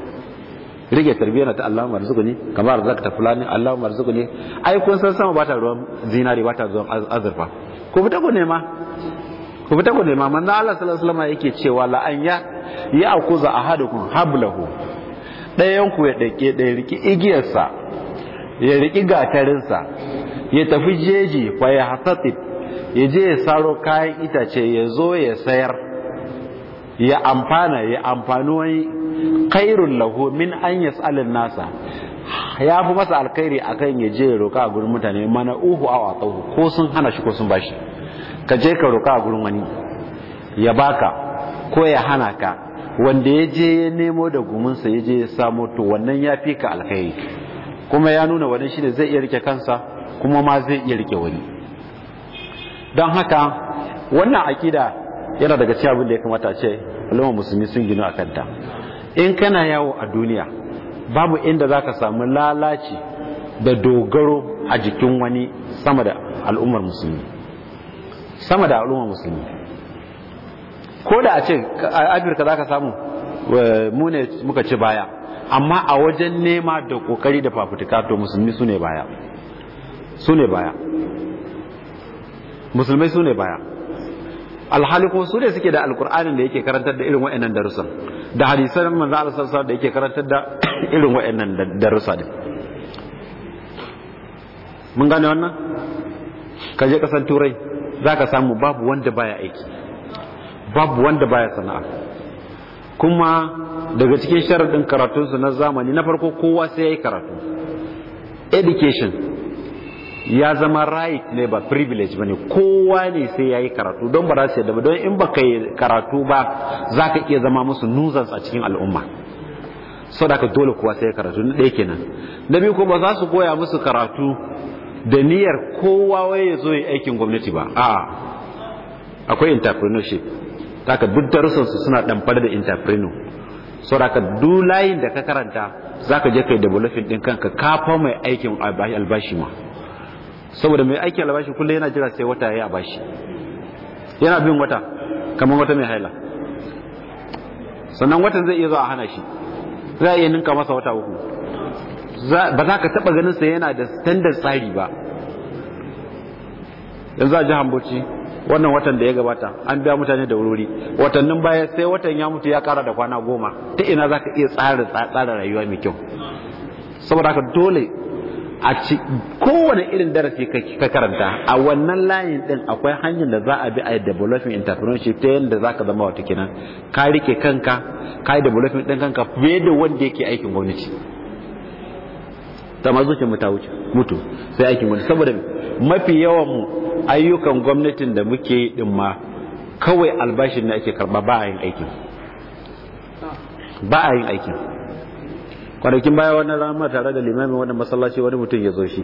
rige tarbiyyar ta Allahumma arzuqni kamar arzakta fulani Allahumma arzuqni ai kun san sama bata ruwan zinari bata zuwa azurfa ko fita ku nema ku fita ku nema manzo Allah sallallahu alaihi wasallam yake cewa la an ya ya akuza ahadukum hablahu Ɗayanku ku ya dake dai riki igiyarsa ya riki gatarinsa ya tafi jeji fa ya hasatib ya je ya saro kayan itace ya zo ya sayar ya amfana ya amfani wani kairun lahu min an yas'alin nasa ya fi masa alkhairi akan ya je ya roka a gurin mutane mana uhu awa tsawo ko sun hana shi ko sun bashi ka je ka roƙa a gurin wani ya baka ko ya hana ka wanda ya je ya nemo da gumunsa ya je ya samo to wannan ya fi ka alkhairi kuma ya nuna wani shi da zai iya rike kansa kuma ma zai iya rike wani don haka wannan akida yana daga cikin abin da ya kamata ce al'umma musulmi sun gino a kanta in kana yawo a duniya babu inda za ka samu lalaci da dogaro a jikin wani sama da al'ummar musulmi sama da al'umma musulmi ko da a ce a afirka za ka samu eh, mu ne muka ci baya amma a wajen nema da kokari da fafutuka to musulmi su ne baya su ne baya musulmai su ne baya alhali su ne suke da alkur'anin da yake karantar da irin wa'annan darussa da hadisan manzo Allah sallallahu da yake karantar da irin wa'annan darussa din mun gane wannan kaje kasan turai Za ka samu babu wanda baya aiki babu wanda baya sana'a kuma daga cikin sharaɗin karatunsu na zamani na farko kowa sai ya yi karatu education ya zama right ne ba privilege ba ne kowa ne sai ya yi karatu don ba za su yadda ba don in ba ka yi karatu ba za ka iya zama musu nuzans a cikin al'umma sau da dole kowa sai ya karatu na ɗaya kenan na biyu kuma za su goya musu karatu da niyyar kowa wai ya zo ya aikin gwamnati ba a'a akwai entrepreneurship taka duk su suna ɗamfar da entrepreneur saboda du layin da ka karanta zaka je kai developing din kanka ka fa mai aikin albashi ma saboda mai aikin albashi kullum yana jira sai wata ya bashi yana bin wata kamar wata mai haila sannan watan zai iya zuwa hana shi za a iya ninka masa wata uku ba za ka taɓa ganin sa yana da standard tsari ba yanzu a jihar bauchi wannan watan da ya gabata an biya mutane da wuri watannin baya sai watan ya mutu ya kara da kwana goma ta ina za ka iya tsara tsara rayuwa mai kyau saboda haka dole a ci kowane irin darasi ka karanta a wannan layin din akwai hanyar da za a bi a yi developing entrepreneurship ta yadda za ka zama wata kenan ka rike kanka ka yi developing din kanka fiye da wanda yake aikin gwamnati ta ma zuciyar mu ta wuce mutu sai aikin wani saboda mafi yawan ayyukan gwamnatin da muke yi din ma kawai albashin ne ake karba ba a yin aikin ba a yin aikin kwanakin baya wani rama tare da limamin wani masallaci wani mutum ya zo shi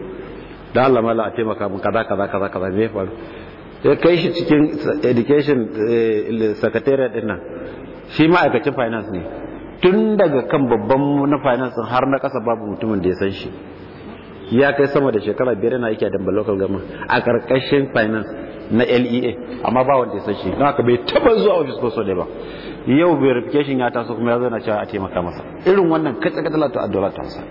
da Allah mala a taimaka mun kaza kaza kaza kaza me faru ya kai shi cikin education eh, secretariat din nan shi ma'aikacin finance ne tun daga kan babban na finance har na kasa babu mutumin da ya san shi ya kai sama da shekara biyar yana yake a damba local government a karkashin finance na lea amma ba wanda ya san shi don haka bai taba zuwa office ko so da ba yau verification ya taso kuma ya zo na cewa a taimaka masa irin wannan katsa katala ta a dola masa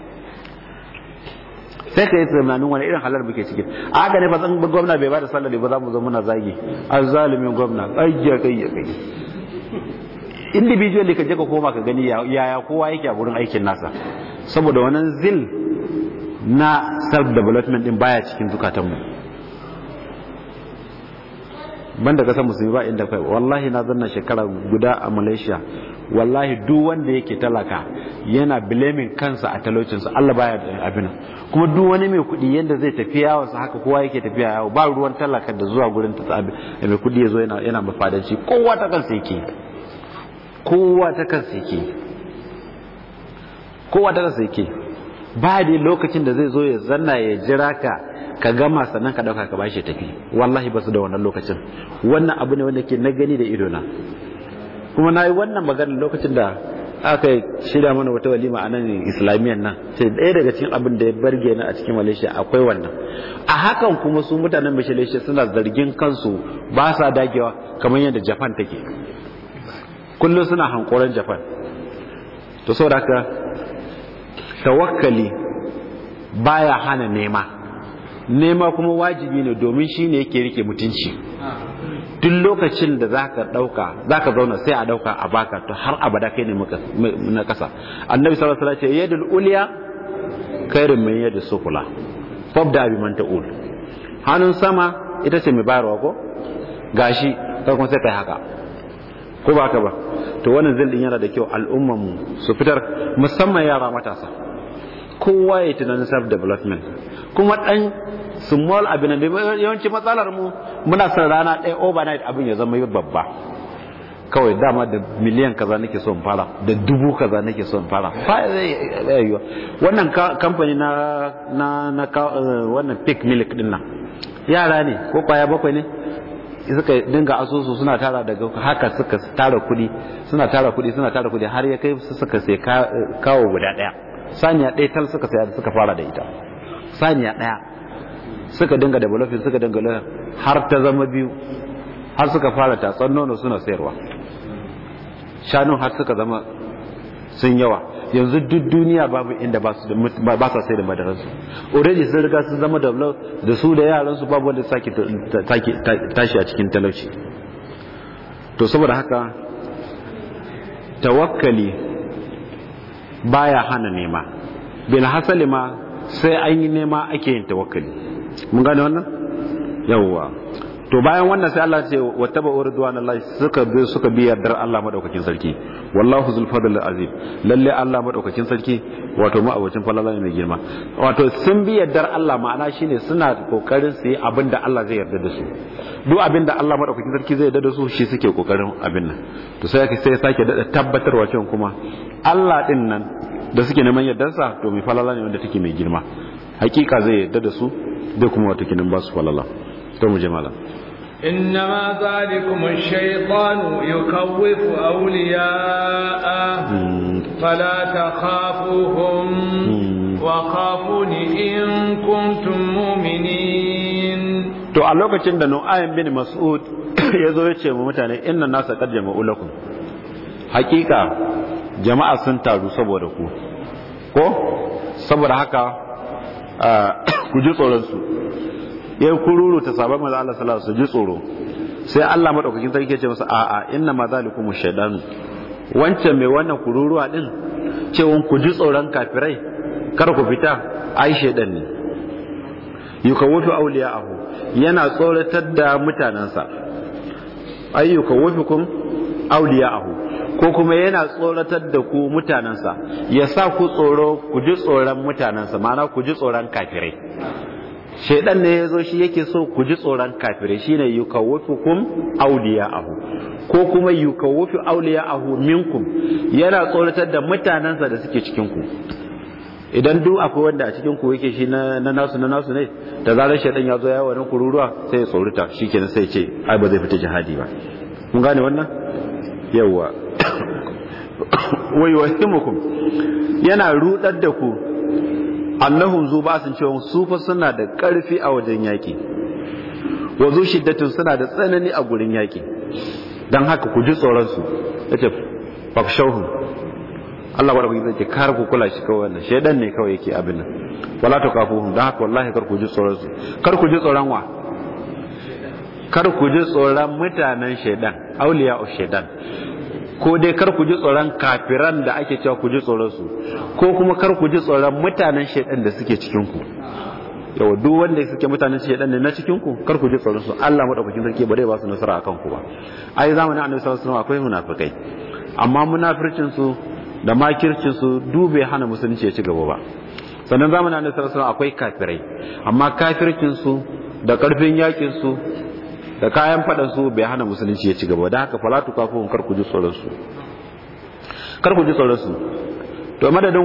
sai ka yi tsammanin wani irin halar muke ciki a haka ne ba san gwamna bai ba da sallari ba za mu zo muna zagi azzalumin gwamna ayya kai ya kai individually ka je ka koma ka gani yaya kowa yake a wurin aikin nasa saboda wannan zil na self development din baya cikin zukatanmu banda kasar musulmi ba inda kai wallahi na zanna shekara guda a malaysia wallahi duk wanda yake talaka yana blaming kansa a talaucinsa Allah baya da abin kuma duk wani mai kuɗi yanda zai tafi yawo sa haka kowa yake tafiya yawo ba ruwan talaka da zuwa gurin ta mai kuɗi yazo yana yana mafadanci kowa ta kansa yake kowa ta kansa kowa ta ba da lokacin da zai zo ya zanna ya jira ka ka gama sannan ka dauka ka bashi tafi wallahi ba su da wannan lokacin wannan abu ne wanda ke na gani da idona kuma na yi wannan magana lokacin da aka shirya mana wata walima a nan islamiyyar nan sai ɗaya daga cikin abin da ya barge ni a cikin malaysia akwai wannan a hakan kuma su mutanen malaysia suna zargin kansu ba sa dagewa kamar yadda japan take kullum suna hankoron japan to sau da haka tawakkali baya hana nema nema kuma wajibi ne domin shi ne yake rike mutunci duk lokacin da zaka dauka zaka zauna sai a dauka a baka to har abada kai ne na kasa annabi sallallahu alaihi wasallam ce yadul ulya khairun min yadis sufla fabda bi man ta'ul hannun sama ita ce mai bayarwa ko gashi kai kuma sai kai haka ko ba ka ba to wannan zai din yana da kyau al'umman mu su fitar musamman yara matasa kowa ya tunanin self development kuma dan small abin da yawanci matsalar mu muna son rana ɗaya overnight abin ya zama babba kawai dama da miliyan kaza nake son fara da dubu kaza nake son fara wannan kamfani na na na eh, wannan pick milk din nan yara ne ko kwaya bakwai ne suka dinga asusu suna tara daga haka suka tara kuɗi suna tara kuɗi suna tara kuɗi har ya kai su suka sai kawo guda ɗaya saniya ɗaya tal suka saya suka fara da ita saniya ɗaya suka dinga developing suka dinga har ta zama biyu har suka fara tatsan nono suna sayarwa shanu har suka zama sun yawa yanzu duk duniya babu inda ba sa sai da madararsu already sun riga sun zama da su da yaransu babu wanda sake tashi a cikin talauci to saboda haka tawakkali baya hana nema bin hasali ma sai an yi nema ake yin tawakkali mun gane wannan yawwa to bayan wannan sai Allah ce wa taba urduwan Allah suka bi suka bi yardar Allah madaukakin sarki wallahu zul fadl azim lalle Allah madaukakin sarki wato ma'abocin falala ne mai girma wato sun bi yardar Allah ma'ana shine suna kokarin su yi abin da Allah zai yarda da su duk abin da Allah madaukakin sarki zai yarda da su shi suke kokarin abin nan to sai sai sake da tabbatarwa cewa kuma Allah din nan da suke neman yardarsa to mai falala ne wanda take mai girma hakika zai yarda da su da kuma wato kinin ba su falala to mu je malam ash ذلكم الشيطان awliya'a fala takhafuhum hmm. wa khafuni in kuntum muminin. to a lokacin da Nu'aym bin Mas'ud ya zo ya ce mu mutane inna nasa qad jama'u lakum haqiqa jama'a sun taru saboda ku ko saboda haka ah, ku ji tsoron su ya kururu ta sabon mai Allah sallallahu su ji tsoro sai Allah maɗaukakin ta ke ce masa a'a inna ma zalikum shaidanu wancan mai wannan kururuwa din cewa ku ji tsoron kafirai kar ku fita ai shaidan ne a awliya'ahu yana tsoratar da mutanansa ai a awliya'ahu ko kuma yana tsoratar da ku mutanensa ya sa ku tsoro ku ji tsoron mutanensa ma'ana ku ji tsoron kafirai shaidan ne ya zo shi yake so ku ji tsoron kafirai shine yukawwifukum ahu ko kuma yukawwifu ahu minkum yana tsoratar da mutanansa da suke cikin ku idan duk akwai wanda a cikin ku yake shi na nasu na nasu ne da zarar shaidan ya zo ya wani kururuwa sai ya tsorita shikenan sai ce ai ba zai fita jihadi ba kun gane wannan yawwa wai wahimukum yana rudar da ku annahum zu ba sun cewa su fa suna da ƙarfi a wajen yaƙi wa zu shiddatin suna da tsanani a gurin yaƙi dan haka ku ji tsoron su yace fakshawhum Allah barka yi zai kar ku kula shi kawai wannan shedan ne kawai yake abin nan wala kafuhum dan haka wallahi kar ku ji tsoron su kar ku ji tsoron wa kar ku ji tsoron mutanen shedan auliya shedan ko dai kar ku ji tsoron kafiran da ake cewa ku ji tsoron su ko kuma kar ku ji tsoron mutanen shaidan da suke cikin ku yawa duk wanda suke mutanen shaidan ne na cikin ku kar ku ji tsoron su Allah madaukakin sarki ba zai ba su nasara akan ku ba ai zamanin annabi sallallahu alaihi wasallam akwai munafikai amma munafircin su da makircin su dube hana musulunci ya ci gaba ba sannan zamanin annabi sallallahu alaihi wasallam akwai kafirai amma kafircin su da karfin yakin su da kayan faɗan su bai hana musulunci ya ci gaba da haka falatu kafu kar ku ji tsoron su kar ku ji tsoron su to madadin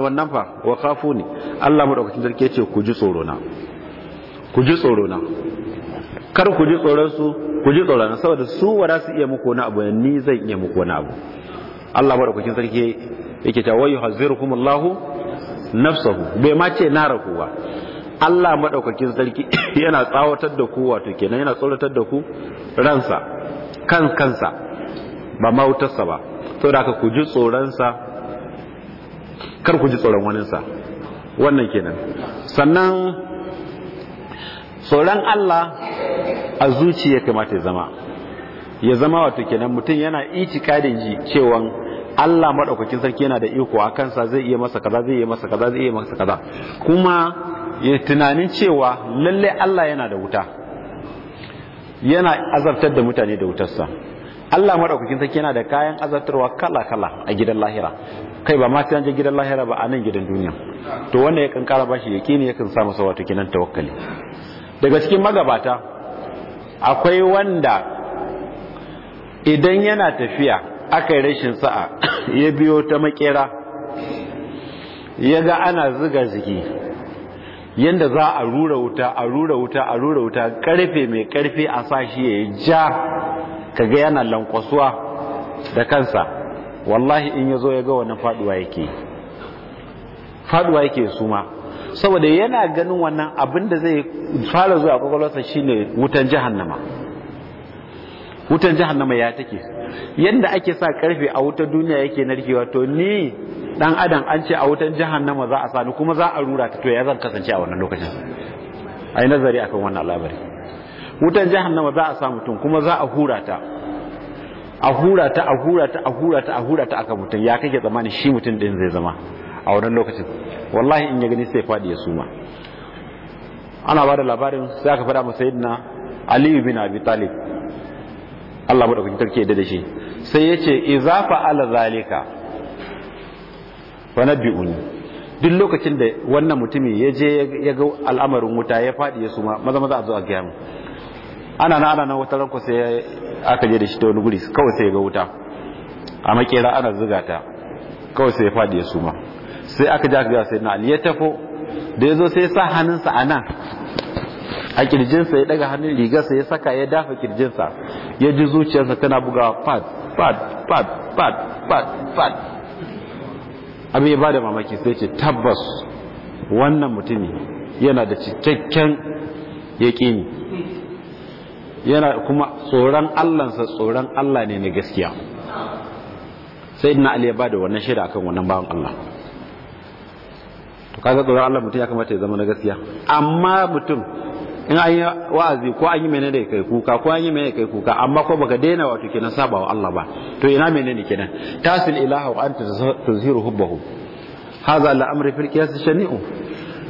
wannan fa wa kafu ne Allah madaukakin sarki yace ku ji tsoro na ku ji tsorona. na kar ku ji tsoron su ku ji tsorona na saboda su wa za su iya muku wani abu ni zai iya muku wani abu Allah madaukakin sarki yake ta wayu hazirukum Allahu nafsahu bai ma ce na rakuwa Allah madaukakin sarki yana tsawatar da ku wato kenan yana tsoratar da ku ransa kan kansa ba mautarsa ba to da ka ku ji tsoronsa kar ku ji tsoron waninsa wannan kenan sannan tsoron Allah a zuciya kamata ya zama ya zama wato kenan mutum yana kadin ji cewa Allah madaukakin sarki yana da iko a kansa zai iya masa kaza zai iya masa kaza zai iya masa kaza kuma ya tunanin cewa lalle Allah yana da wuta yana azabtar da mutane da wutarsa Allah madaukakin sarki yana da kayan azabtarwa kala-kala a gidan lahira kai ba ma sai gidan lahira ba a nan gidan duniya to wanda ya kan kara bashi ya yakan sa masa wato kinan tawakkali daga cikin magabata akwai wanda idan yana tafiya aka yi rashin sa'a ya biyo ta makera ya ga ana ziga zigi yadda za a rura wuta a rura wuta a rura wuta karfe mai karfe a sa shi ya ja kaga yana lankwasuwa da kansa wallahi in ya zo ya ga wannan faduwa yake faduwa yake su ma saboda yana ganin wannan abin da zai fara zuwa kwakwalwarsa shine wutan jahannama wutan jahannama ya take yanda ake sa karfe a wutar duniya yake narkewa to ni dan adam an ce a wutan jahannama za a sani kuma za a rura ta to ya zan kasance a wannan lokacin ai nazari akan wannan labari wutan jahannama za a sa mutum kuma za a hura ta a hura ta a hura ta a hura ta a hura ta aka mutum ya kake zamani shi mutum din zai zama a wannan lokacin wallahi in ya gani sai fadi ya suma ana ba da labarin sai aka fada masa yadda aliyu bin abi talib Allah madaukakin sarki ya da shi sai ya ce idza fa'ala zalika ne duk lokacin da wannan mutumin ya je ya ga al'amarin wuta ya faɗi ya suma maza maza a zo a gaya mu ana na ana na wata ranko sai aka je da shi ta wani guri kawai sai ya ga wuta a makera ana zuga ta kawai sai ya faɗi ya suma sai aka ji aka gaya sai na ali ya tafo da ya zo sai ya sa hannunsa a nan a kirjinsa ya daga hannun rigarsa ya saka ya dafa kirjinsa ya ji zuciyarsa tana bugawa fat fat fat fat fat fat. abin ya bada mamaki sai ce tabbas wannan mutumi yana da cikakken yaƙini yana kuma tsoron allansa tsoron allah ne na gaskiya sai ina ali ya bada wannan shaida akan wannan bawan allah to kaga tsoron allah mutum ya kamata ya zama na gaskiya amma mutum in an yi wa'azi ko an yi mene da kai kuka ko an yi mene kai kuka amma ko baka daina wato kenan saba wa Allah ba to ina mene ne kenan tasil ilaha wa anta tuzhiru hubbahu hadha la amri fil qiyas shani'u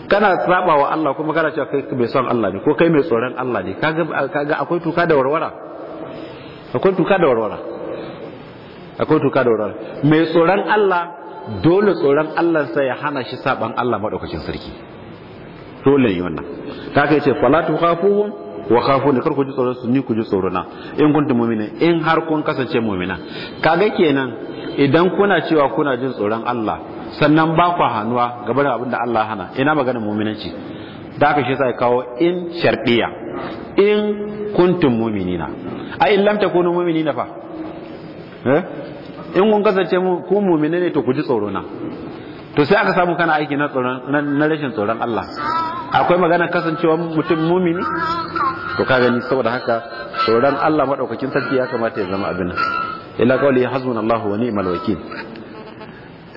kana saba wa Allah kuma kana cewa kai mai son Allah ne ko kai mai tsoron Allah ne kaga kaga akwai tuka da warwara akwai tuka da warwara akwai tuka da warwara mai tsoron Allah dole tsoron Allah sai ya hana shi saban Allah madaukakin sarki dole ne wannan kaka yace ce fala tu khafuhum wa khafuni kar ku ji tsoron su ni ku ji tsoro na in kuntum mu'minin in har kun kasance mu'mina kaga kenan idan kuna cewa kuna jin tsoron Allah sannan ba ku hannuwa gaba da abin da Allah hana ina magana mu'minanci da aka shi sai kawo in shardiya in kuntum mu'minina a in lam takunu mu'minina fa eh in kun kasance ku mu'mina ne to ku ji tsoro na to sai aka samu kana aiki na tsoron na rashin tsoron Allah akwai magana kasancewa mutum mumini to ka gani saboda haka tsoron Allah madaukakin sarki ya kamata ya zama abin illa qawli hasbuna Allahu wa ni'mal wakil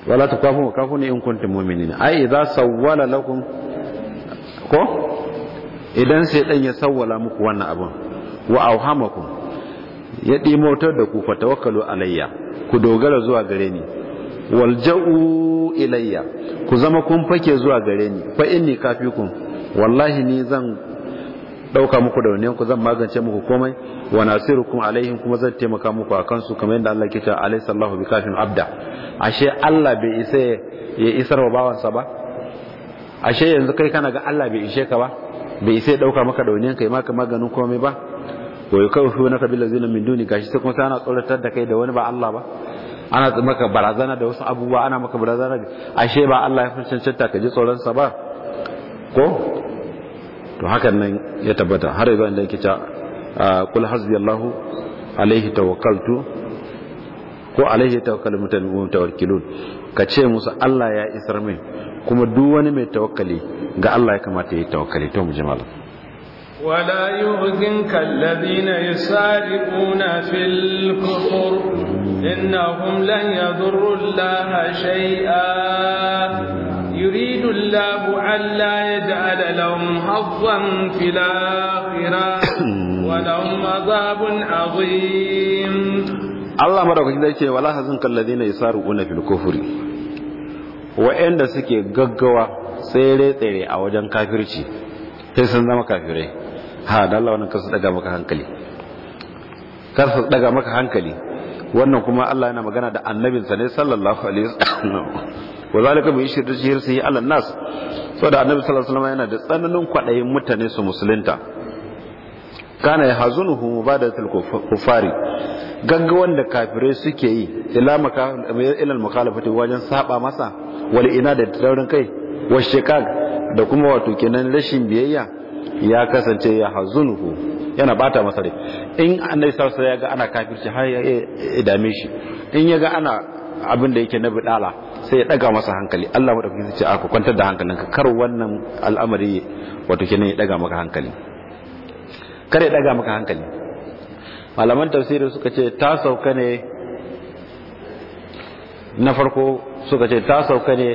wala wa kafu ne in kuntum mu'minina ai idza sawwala lakum ko idan sai dan ya sawwala muku wannan abun wa auhamakum ya motar da ku fa tawakkalu alayya ku dogara zuwa gare ni walja'u ilayya ku zama kun fake zuwa gare ni fa inni kafikum wallahi ni zan dauka muku da wani ku zan magance muku komai wa nasirukum alaihim kuma zan taimaka muku a kansu kamar yadda Allah ke alaihi sallahu Allahu bikafin abda ashe Allah bai isa ya isar wa bawansa ba ashe yanzu kai kana ga Allah bai ishe ka ba bai isa ya dauka maka da wani kai maka maganin komai ba wa yukawfi naka bil ladzina min duni gashi sai kuma sai ana tsoratar da kai da wani ba Allah ba ana maka barazana da wasu abubuwa ana maka barazana ashe ba Allah ya farcen cancanta ka ji tsoron sa ba ko to hakan nan ya tabbata har yanzu inda yake ta kul ah, Allah alaihi tawakkaltu ko alaihi tawakkalu tawakkilun ka ce musu Allah ya isar min kuma duk wani mai tawakkali ga Allah ya kamata ya yi tawakkali to mu ji malam ولا يغزنك الذين يسارقون في الكفر إنهم لن يضروا الله شيئا يريد الله ألا يجعل لهم حظا في الآخرة ولهم عذاب عظيم الله مرة كده ولا حزنك الذين يسارعون في الكفر wa'anda suke gaggawa tsere-tsere a wajen kafirci sai sun zama kafirai ha da Allah wannan kasu daga maka hankali kasu daga maka hankali wannan kuma Allah yana magana da annabinsa ne sallallahu alaihi wasallam wa zalika bi sai ala nas saboda annabi sallallahu alaihi wasallam yana da tsananin kwadayin mutane su musulunta kana yahzunuhu mubadatul kufari gaggawan da kafirai suke yi ila maka ila mukhalafati wajen saba masa wal ina da taurin kai wa shikak da kuma wato kenan rashin biyayya ya kasance ya hazunuhu yana bata masa rai in annabi sallallahu ya ga ana kafirci har ya dame shi in ya ga ana abin da yake na bidala sai ya daga masa hankali Allah madaukaki zai ce a ku kwantar da hankalinka kar wannan al'amari wato kenan ya daga maka hankali kar ya daga maka hankali malaman tafsiri suka ce ta sauka ne na farko suka ce ta sauka ne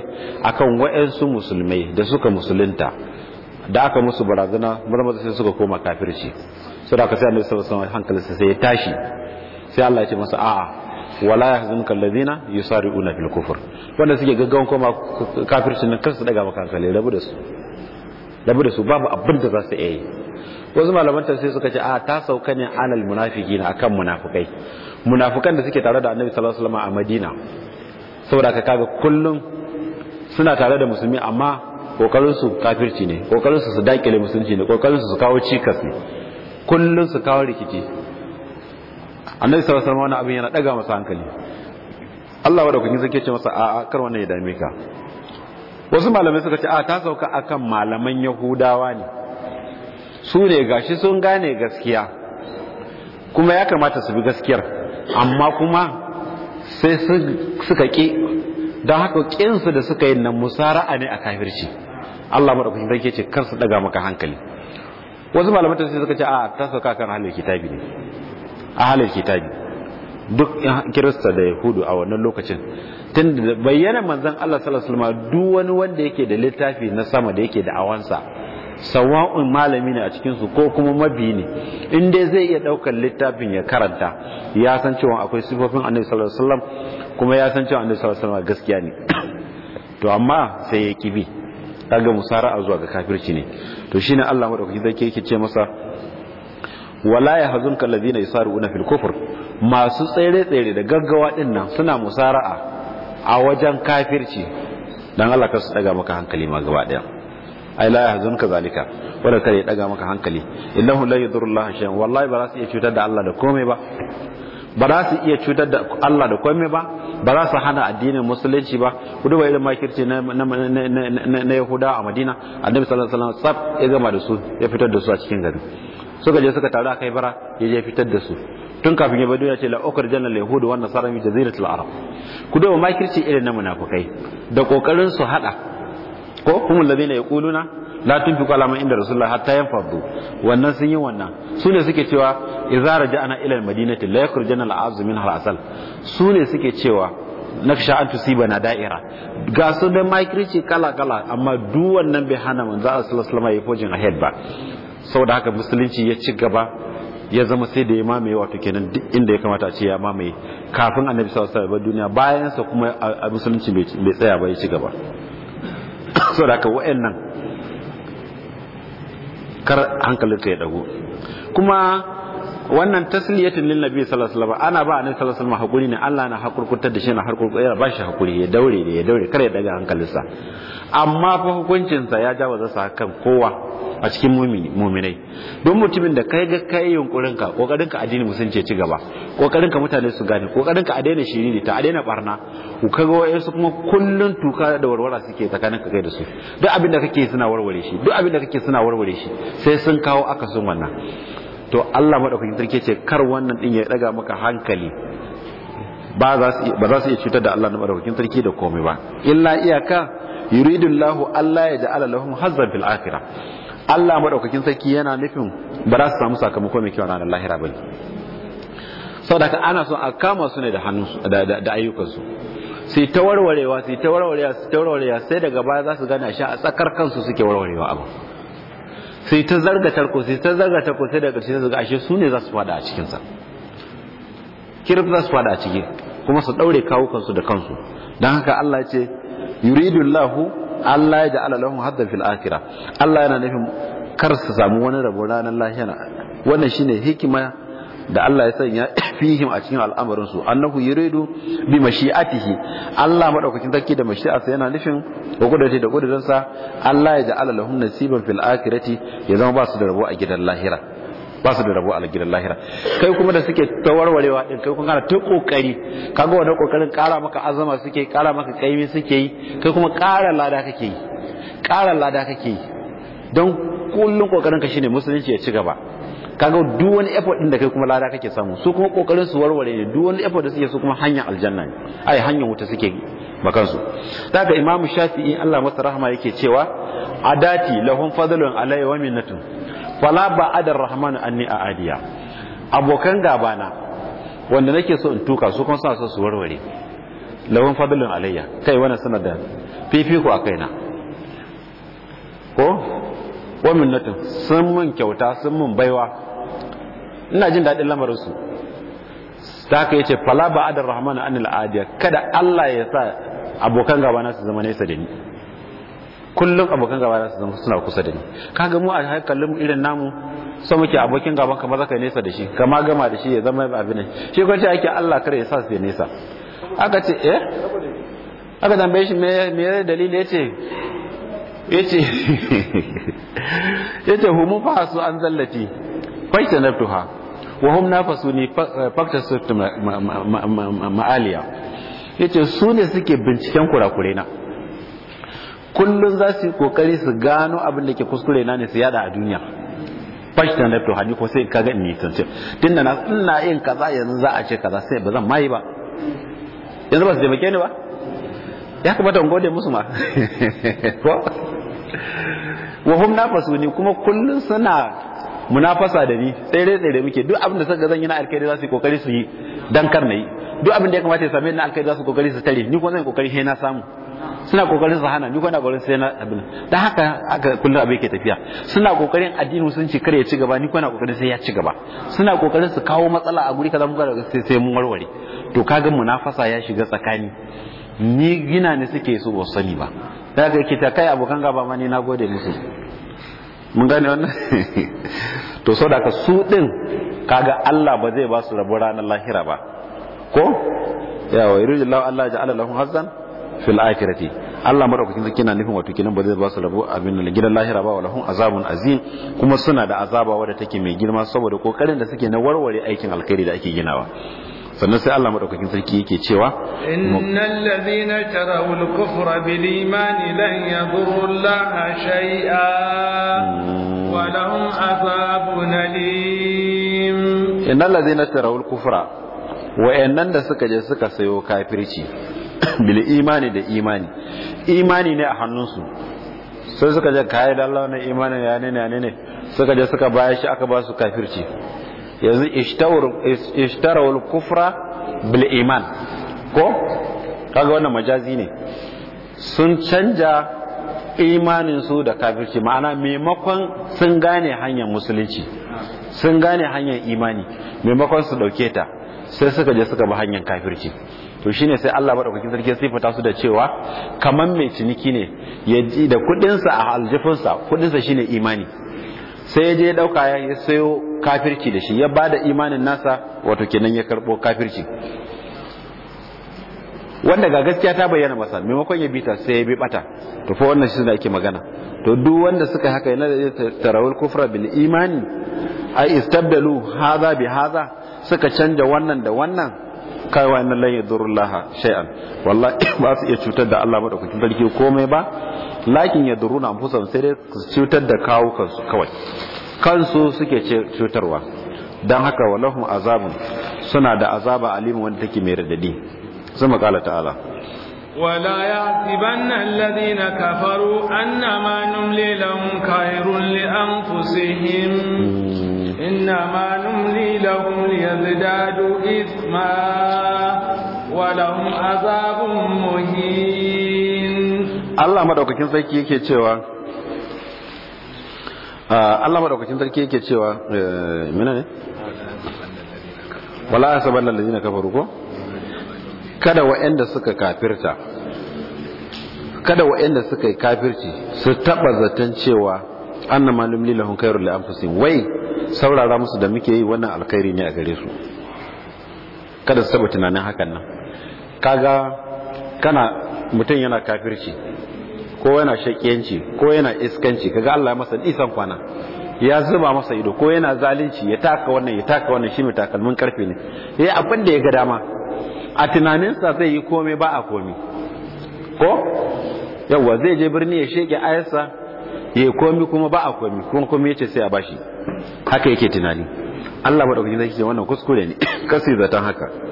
akan wa'ansu musulmai da suka musulunta da aka musu barazana marmata sai suka koma kafirci sai ka sai annabi sallallahu alaihi hankalinsa sai ya tashi sai Allah ya ce masa a'a wala yahzunka alladhina yusari'una fil kufr wanda suke gaggawan koma kafirci nan kansu daga maka hankali rabu da su rabu da su babu abin da za su iya yi wasu malaman tafsir suka ce a ta sauka ne anal munafiqina akan munafikai munafikan da suke tare da annabi sallallahu alaihi wasallam a Madina saboda ka kaga kullum suna tare da musulmi amma kokarin su kafirci ne kokarin su su dakile musulunci ne kokarin su su kawo cikas ne kullum su kawo rikici annabi sallallahu alaihi wasallam abin yana daga masa hankali Allah wa daukakin zai ce masa a'a kar wannan ya dame ka wasu malamai suka ce a ta sauka akan malaman yahudawa ne su ne gashi sun gane gaskiya kuma ya kamata su bi gaskiyar amma kuma sai suka ƙi don haka ƙinsu da suka yi nan musara'a ne a kafirci Allah maɗaukakin sarki ce kar su daga maka hankali wasu malaman sai suka ce a ta sauka kan ahalar kitabi ne ahalar kitabi duk kirista da yahudu a wannan lokacin tun da bayyana manzan Allah sallallahu alaihi wasallam duk wani wanda yake da littafi na sama da yake da awansa sawa'un malami ne a cikinsu ko kuma mabi ne in dai zai iya ɗaukar littafin ya karanta ya san cewa akwai sifofin annabi sallallahu alaihi wasallam kuma ya san cewa annabi sallallahu alaihi wasallam gaskiya ne to amma sai ya kibi kaga musara'a zuwa ga kafirci ne to shine Allah madaukaki zai yake ce masa wala yahzunka alladhina yusaruna fil kufr masu tsere tsere da gaggawa din nan suna musara'a a wajen kafirci dan Allah kar su daga maka hankali ma gaba daya ai la yahzunka zalika wala kare daga maka hankali innahu la yadurru Allah shay'an wallahi ba za su iya cutar da Allah da komai ba ba za su iya cutar da Allah da komai ba ba za su hana addinin musulunci ba ku duba irin makirci na yahuda a madina annabi sallallahu alaihi wasallam tsaf ya gama da su ya fitar da su a cikin gari suka je suka taru a kai bara ya je fitar da su tun kafin ya bado ya ce la'ukar janar yahudu wannan sarami jaziratul arab ku duba makirci irin na munafukai da kokarin su hada ko kuma na ya kuluna la fi ala inda rasulullah hatta fardu wannan sun yi wannan su ne suke cewa idza ana ilal almadinati la jana al'az min harasal su ne suke cewa sha'antu si bana da'ira ga su da makirci kala kala amma duk wannan bai hana manzo sallallahu alaihi wasallam ya fojin a head ba saboda haka musulunci ya ci gaba ya zama sai da ya mamaye wato kenan inda ya kamata a ce ya mamaye kafin annabi sallallahu alaihi ba duniya bayan sa kuma musulunci mai tsaya ba ya ci gaba ka haka nan kar hankalinka ya dago kuma wannan tasliyatin lil nabi sallallahu alaihi wasallam ana ba annabi sallallahu alaihi wasallam hakuri ne Allah na hakurkutar da shi na hakurkutar ya bashi hakuri ya daure ne ya daure kare daga hankalinsa amma fa hukuncin sa ya jawaza zasa kan kowa a cikin mumini muminai don mutumin da kai ga kai yunkurin ka kokarin ka addini musulunci ya ci gaba kokarin ka mutane su gane kokarin ka a daina shiriri ta a daina barna ku kaga wayansu kuma kullun tuka da warwara suke tsakanin ka kai da su duk abin da kake suna warware shi duk abin da kake suna warware shi sai sun kawo akasin wannan to Allah madaukakin sarki ce kar wannan din ya daga maka hankali ba za su iya cutar da Allah na madaukakin sarki da komai ba illa iyaka yuridullahu Allah ya ja'ala lahum hazzan fil akhirah Allah madaukakin sarki yana nufin ba za su samu sakamako mai kyau ranar lahira bane saboda ana son a kama su ne da hannun da ayyukansu sai ta warwarewa sai ta warwarewa sai ta warwarewa sai daga baya za su gane shi a tsakar kansu suke warwarewa abu sai ta zarga tarko sai ta zarga tarko sai daga ƙarshe zaga ashe su ne za su fada a cikinsa kirif za su fada a ciki kuma su ɗaure kawukansu da kansu don haka Allah ya ce yuridun lahu Allah ya ja'ala lahum haddan fil akhirah Allah yana nufin kar su samu wani rabo ranar lahiyar, wannan shine hikima da Allah ya sanya fihim a cikin al'amarin su annahu yuridu bi mashi'atihi Allah madaukakin sarki da mashi'arsa yana nufin ko da kudurin sa Allah ya ja'ala lahum nasiban fil akhirati ya zama ba su da rabo a gidan lahira ba su da rabo a gidan lahira kai kuma da suke tawarwarewa din kai kun kana ta kokari kaga wannan kokarin kara maka azama suke kara maka kaimi suke yi kai kuma kara lada kake yi kara lada kake yi don kullun kokarin ka shine musulunci ya ci gaba kaga duk wani effort din da kai kuma lada kake samu su kuma kokarin su warware ne duk wani effort da suke su kuma hanyar aljanna ne ai hanyar wuta suke makansu daga imamu shafi'i Allah masa rahama yake cewa adati lahum fadlun alayhi wa minnatun fala ba'ada rahmanu anni aadiya abokan gabana wanda nake so in tuka su kuma suna so su warware lahum fadlun alayya kai wannan suna da fifiko a kaina ko wa minnatin sun mun kyauta sun mun baiwa ina jin daɗin lamarin su ta haka yace fala ba adar rahman anil adiya kada Allah ya sa abokan gaba na su zama nesa da ni kullum abokan gaba na su zama suna kusa da ni kaga mu a mu irin namu so muke abokin gaban ka maza kai nesa da shi kama gama da shi ya zama abin nan shi ko ce ake Allah kare ya sa su nesa aka ce eh aka tambaye shi me me dalili yace yace yace humu su an zallati faita naftuha wa hum nafasu ni eh, fakta su ma'aliya yace su ne suke binciken kurakure na kullun za su yi kokari su gano abin da ke kuskure na ne su yada a duniya fashi na laptop hannu ko sai ka ga ni tantance tun da ina yin kaza yanzu za a ce kaza sai ba zan mai ba yanzu ba su taimake ni ba ya kamata in gode musu ma wa hum nafasuni kuma kullun suna munafasa da ni tsere tsere muke duk abin da suka zan yi na alkhairi za su yi kokari su yi dan kar na yi duk abin da ya kamata ya same ni na alkhairi za su kokari su tare ni kuma zan kokari sai na samu suna kokarin su hana ni kuma na kokarin sai na abin da haka aka kullum abin ke tafiya suna kokarin addini ci kare ya ci gaba ni kuma na kokarin sai ya ci gaba suna kokarin su kawo matsala a guri kaza mun ga sai sai mun warware to kaga munafasa ya shiga tsakani ni gina ne suke so ba sani ba da ga kita kai abokan gaba mani na gode musu mun gane wannan to so da ka su din kaga Allah ba zai ba su rabu ranar lahira ba ko wa yuridu Allah Allah ja'ala lahum hazzan fil akhirati Allah madaukakin sarki na nufin wato kinan ba zai ba su rabu abin da gidan lahira ba walahum azabun azim kuma suna da azaba wadda take mai girma saboda kokarin da suke na warware aikin alkhairi da ake ginawa sannan sai Allah madaukakin sarki yake cewa innal ladhina tarawu al-kufra bil iman lan yadurru Allah shay'a wa lahum azabun alim innal ladhina tarawu al-kufra wa'annan da suka je suka sayo kafirci bil imani da imani imani ne a hannunsu sai suka je da Allah na imani ya ne ne suka je suka bayar shi aka ba su kafirci yanzu ishtarawul kufra bil iman ko kaga wannan majazi ne sun canja imaninsu da kafirci ma'ana maimakon sun gane hanyar musulunci sun gane hanyar imani maimakon su dauke ta sai suka je suka bi hanyar kafirci to shine sai Allah madaukakin sarki sifata su da cewa kaman mai ciniki ne ya ji da sa a kudin sa shine imani sai ya je ya dauka ya sayo kafirci da shi ya da imanin nasa wato kenan ya karbo kafirci wanda ga gaskiya ta bayyana masa maimakon ya bita sai ya bi bata to fa wannan shi da ake magana to duk wanda suka haka yana da tarawul kufra bil imani ai istabdalu hadha bi hadha suka canja wannan da wannan kai wannan lan yadurullaha shay'an wallahi ba su iya cutar da Allah madaukakin sarki komai ba lakin ya duruna amfusam sai dai cutar da kawo kansu kawai kansu suke cutarwa don haka walahum azabun suna da azaba alimu wanda take mai radadi sun makala ta'ala ولا يحسبن الذين كفروا أنما نملي لهم خير لأنفسهم إنما نملي لهم ليزدادوا إثما ولهم عذاب مهين Allah madaukakin sarki yake cewa ah, Allah madaukakin sarki yake cewa eh, mina ne wala asaban allazina kafaru ko kada wa'anda suka kafirta kada wa'anda suka yi kafirci su taba zaton cewa annama malum lahum khairul li wai saurara musu da muke yi wannan alkhairi ne a gare su kada su saba tunanin hakan nan kaga kana mutum yana kafirci ko yana shakiyanci ko yana iskanci kaga Allah masa isan kwana ya zuba masa ido ko yana zalunci ya taka wannan ya taka wannan shi mai takalmin karfe ne yi abin da ya ga dama a tunaninsa zai yi komai ba a komi. ko yawwa zai je birni ya sheke ayarsa ya yi komi kuma ba a komi kuma komi ya ce sai a bashi haka yake tunani Allah maɗaukakin zai ce wannan kuskure ne kasi zaton haka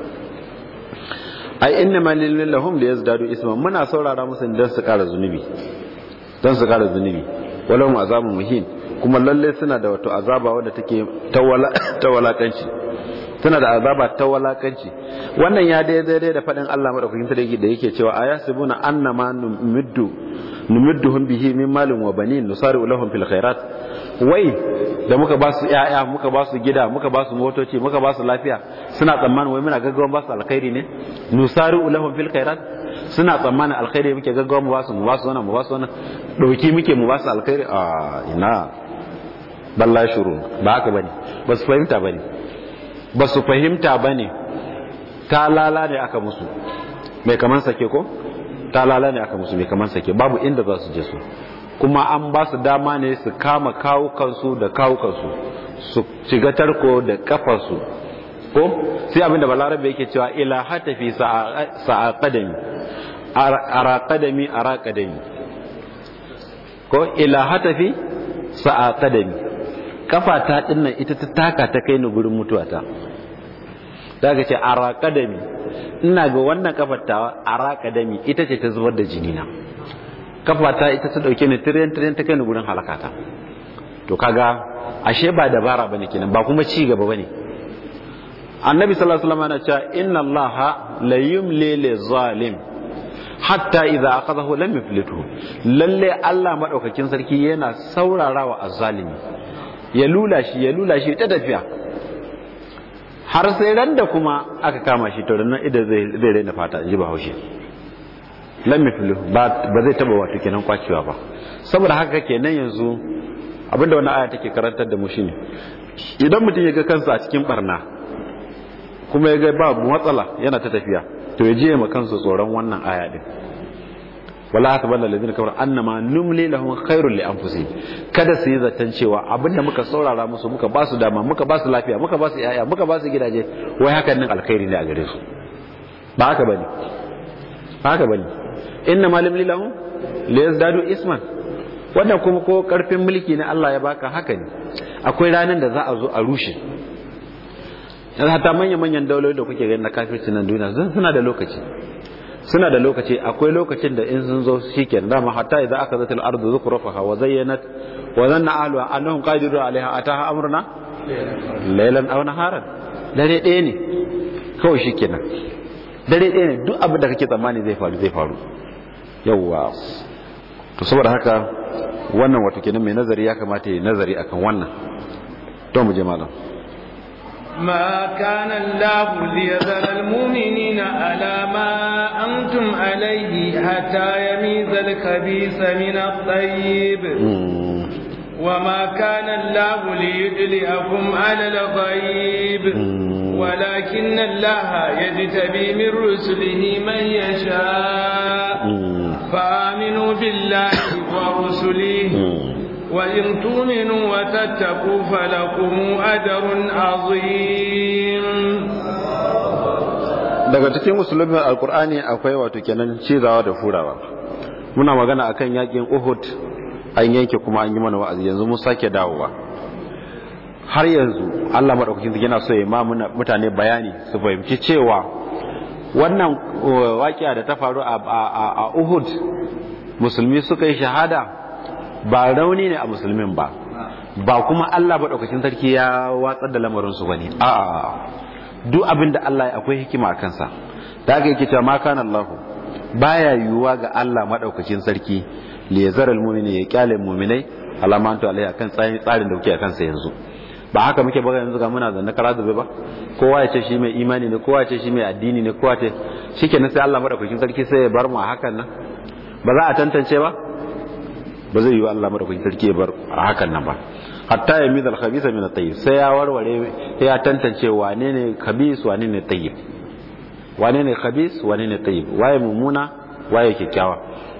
ai inna ma lillahum lahum li yazdadu isma muna saurara musu dan su kara zunubi dan su kara zunubi walau azabun muhin kuma lalle suna da wato azaba wanda take ta walakanci suna da azaba ta walakanci wannan ya daidai da faɗin Allah madaukakin sarki da yake cewa ayasibuna annama numiddu numidduhum bihi min malin wa banin nusari lahum fil khairat wai da muka ba su ya'ya muka ba su gida muka ba su motoci muka ba su lafiya suna tsammanin wai muna gaggawan ba su alkhairi ne nusari'u ulahum fil khairat suna tsammanin alkhairi muke gaggawan mu ba su mu ba su wannan mu ba su wannan dauki muke mu ba su alkhairi a ina balla shuru ba haka bane ba su fahimta bane ba su fahimta bane ta lala ne aka musu mai kaman sake ko ta lala ne aka musu mai kaman sake babu inda za su je su kuma an ba su dama ne su kama kawukansu da kawukansu su shiga tarko da kafarsu ko sai abinda balarabe yake cewa ila hatafi sa'a qadami ara qadami ara qadami ko ila hatafi sa'a qadami kafa ta dinnan ita ta taka ta kai ni gurin mutuwata daga ce ara qadami ina ga wannan kafar ta ara qadami ita ce ta zubar da jini na ta ita ta dauke ni tiren tiren ta kai ni gurin halakata to kaga ashe ba dabara bane kenan ba kuma ci gaba bane annabi sallallahu alaihi wasallam yana cewa inna allaha la yumli li zalim hatta idza aqadahu lam yuflitu lalle Allah madaukakin sarki yana saurarawa azzalimi ya lula shi ya lula shi ta tafiya har sai ran da kuma aka kama shi to nan idan zai raina fata in ji bahaushe Lammi filo ba zai taba wato kenan kwacewa ba saboda haka kenan yanzu abinda wani aya take karantar da mu shine idan mutum ya ga kansa a cikin barna kuma ya ga babu matsala yana ta tafiya to ya je ma kansa tsoron wannan aya din wala hasbana lazina kamar annama numli lahum khairul li anfusih kada su yi zaton cewa abinda muka saurara musu muka ba su dama muka ba su lafiya muka ba su yaya muka ba su gidaje wai hakan nan alkhairi ne a gare su ba haka bane ba haka bane inna malam lilahu la yazdadu isman wannan kuma ko karfin mulki na Allah ya baka haka ne akwai ranar da za a zo a rushe yanzu hata manya-manyan dauloli da kuke gani na kafirci nan duniya suna da lokaci suna da lokaci akwai lokacin da in sun zo shikenan ma hatta idza aka zata al-ardu zukhrufaha wa zayyanat wa zanna ahluha annahum qadiru alaiha ataha amruna laylan aw naharan dare ɗaya ne kawai shikenan dare ɗaya ne duk abin da kake tsammani zai faru zai faru yawwa haka wannan wata kenan mai nazari ya kamata yi nazari akan wannan don mu je malam ma kana Allah zai zara al-mu'minina ala ma antum alayhi hatta yamiza al-khabisa min at-tayyib وما كان الله ليدلئكم على الغيب ولكن الله يجتبي من رسله من يشاء فآمنوا بالله ورسله hmm. وإن تؤمنوا وتتقوا فلكم أجر عظيم daga cikin musulmin alkur'ani akwai wato kenan cizawa da furawa muna magana akan yakin uhud an yanke kuma an yi mana wa'azi yanzu mun sake dawowa har yanzu Allah madaukakin yana so ya ma mutane bayani su fahimci cewa wannan uh, waƙiya da ta faru a uhud musulmi suka yi shahada ba rauni ne a musulmin ba ba kuma allah maɗaukacin sarki ya watsar da lamarinsu su ne a duk abin da allah ya akwai hikima a kansa da aka yake cewa ma kana allahu baya yiwuwa ga allah maɗaukacin sarki liyazar almumini ya kyale muminai alamantu alai akan tsarin da a kansa yanzu ba haka muke baga yanzu ga muna zanna kara zube ba kowa ya ce shi mai imani ne kowa ya ce shi mai addini ne kowa ce shikenan sai Allah madaukakin sarki sai ya bar mu a hakan nan ba za a tantance ba ba zai yi wa Allah madaukakin sarki ya bar a hakan nan ba hatta ya mizal khabisa min at-tayyib sai ya warware ya tantance wane ne khabis wane ne tayyib wane ne khabis wane ne tayyib waye mumuna waye kikkiawa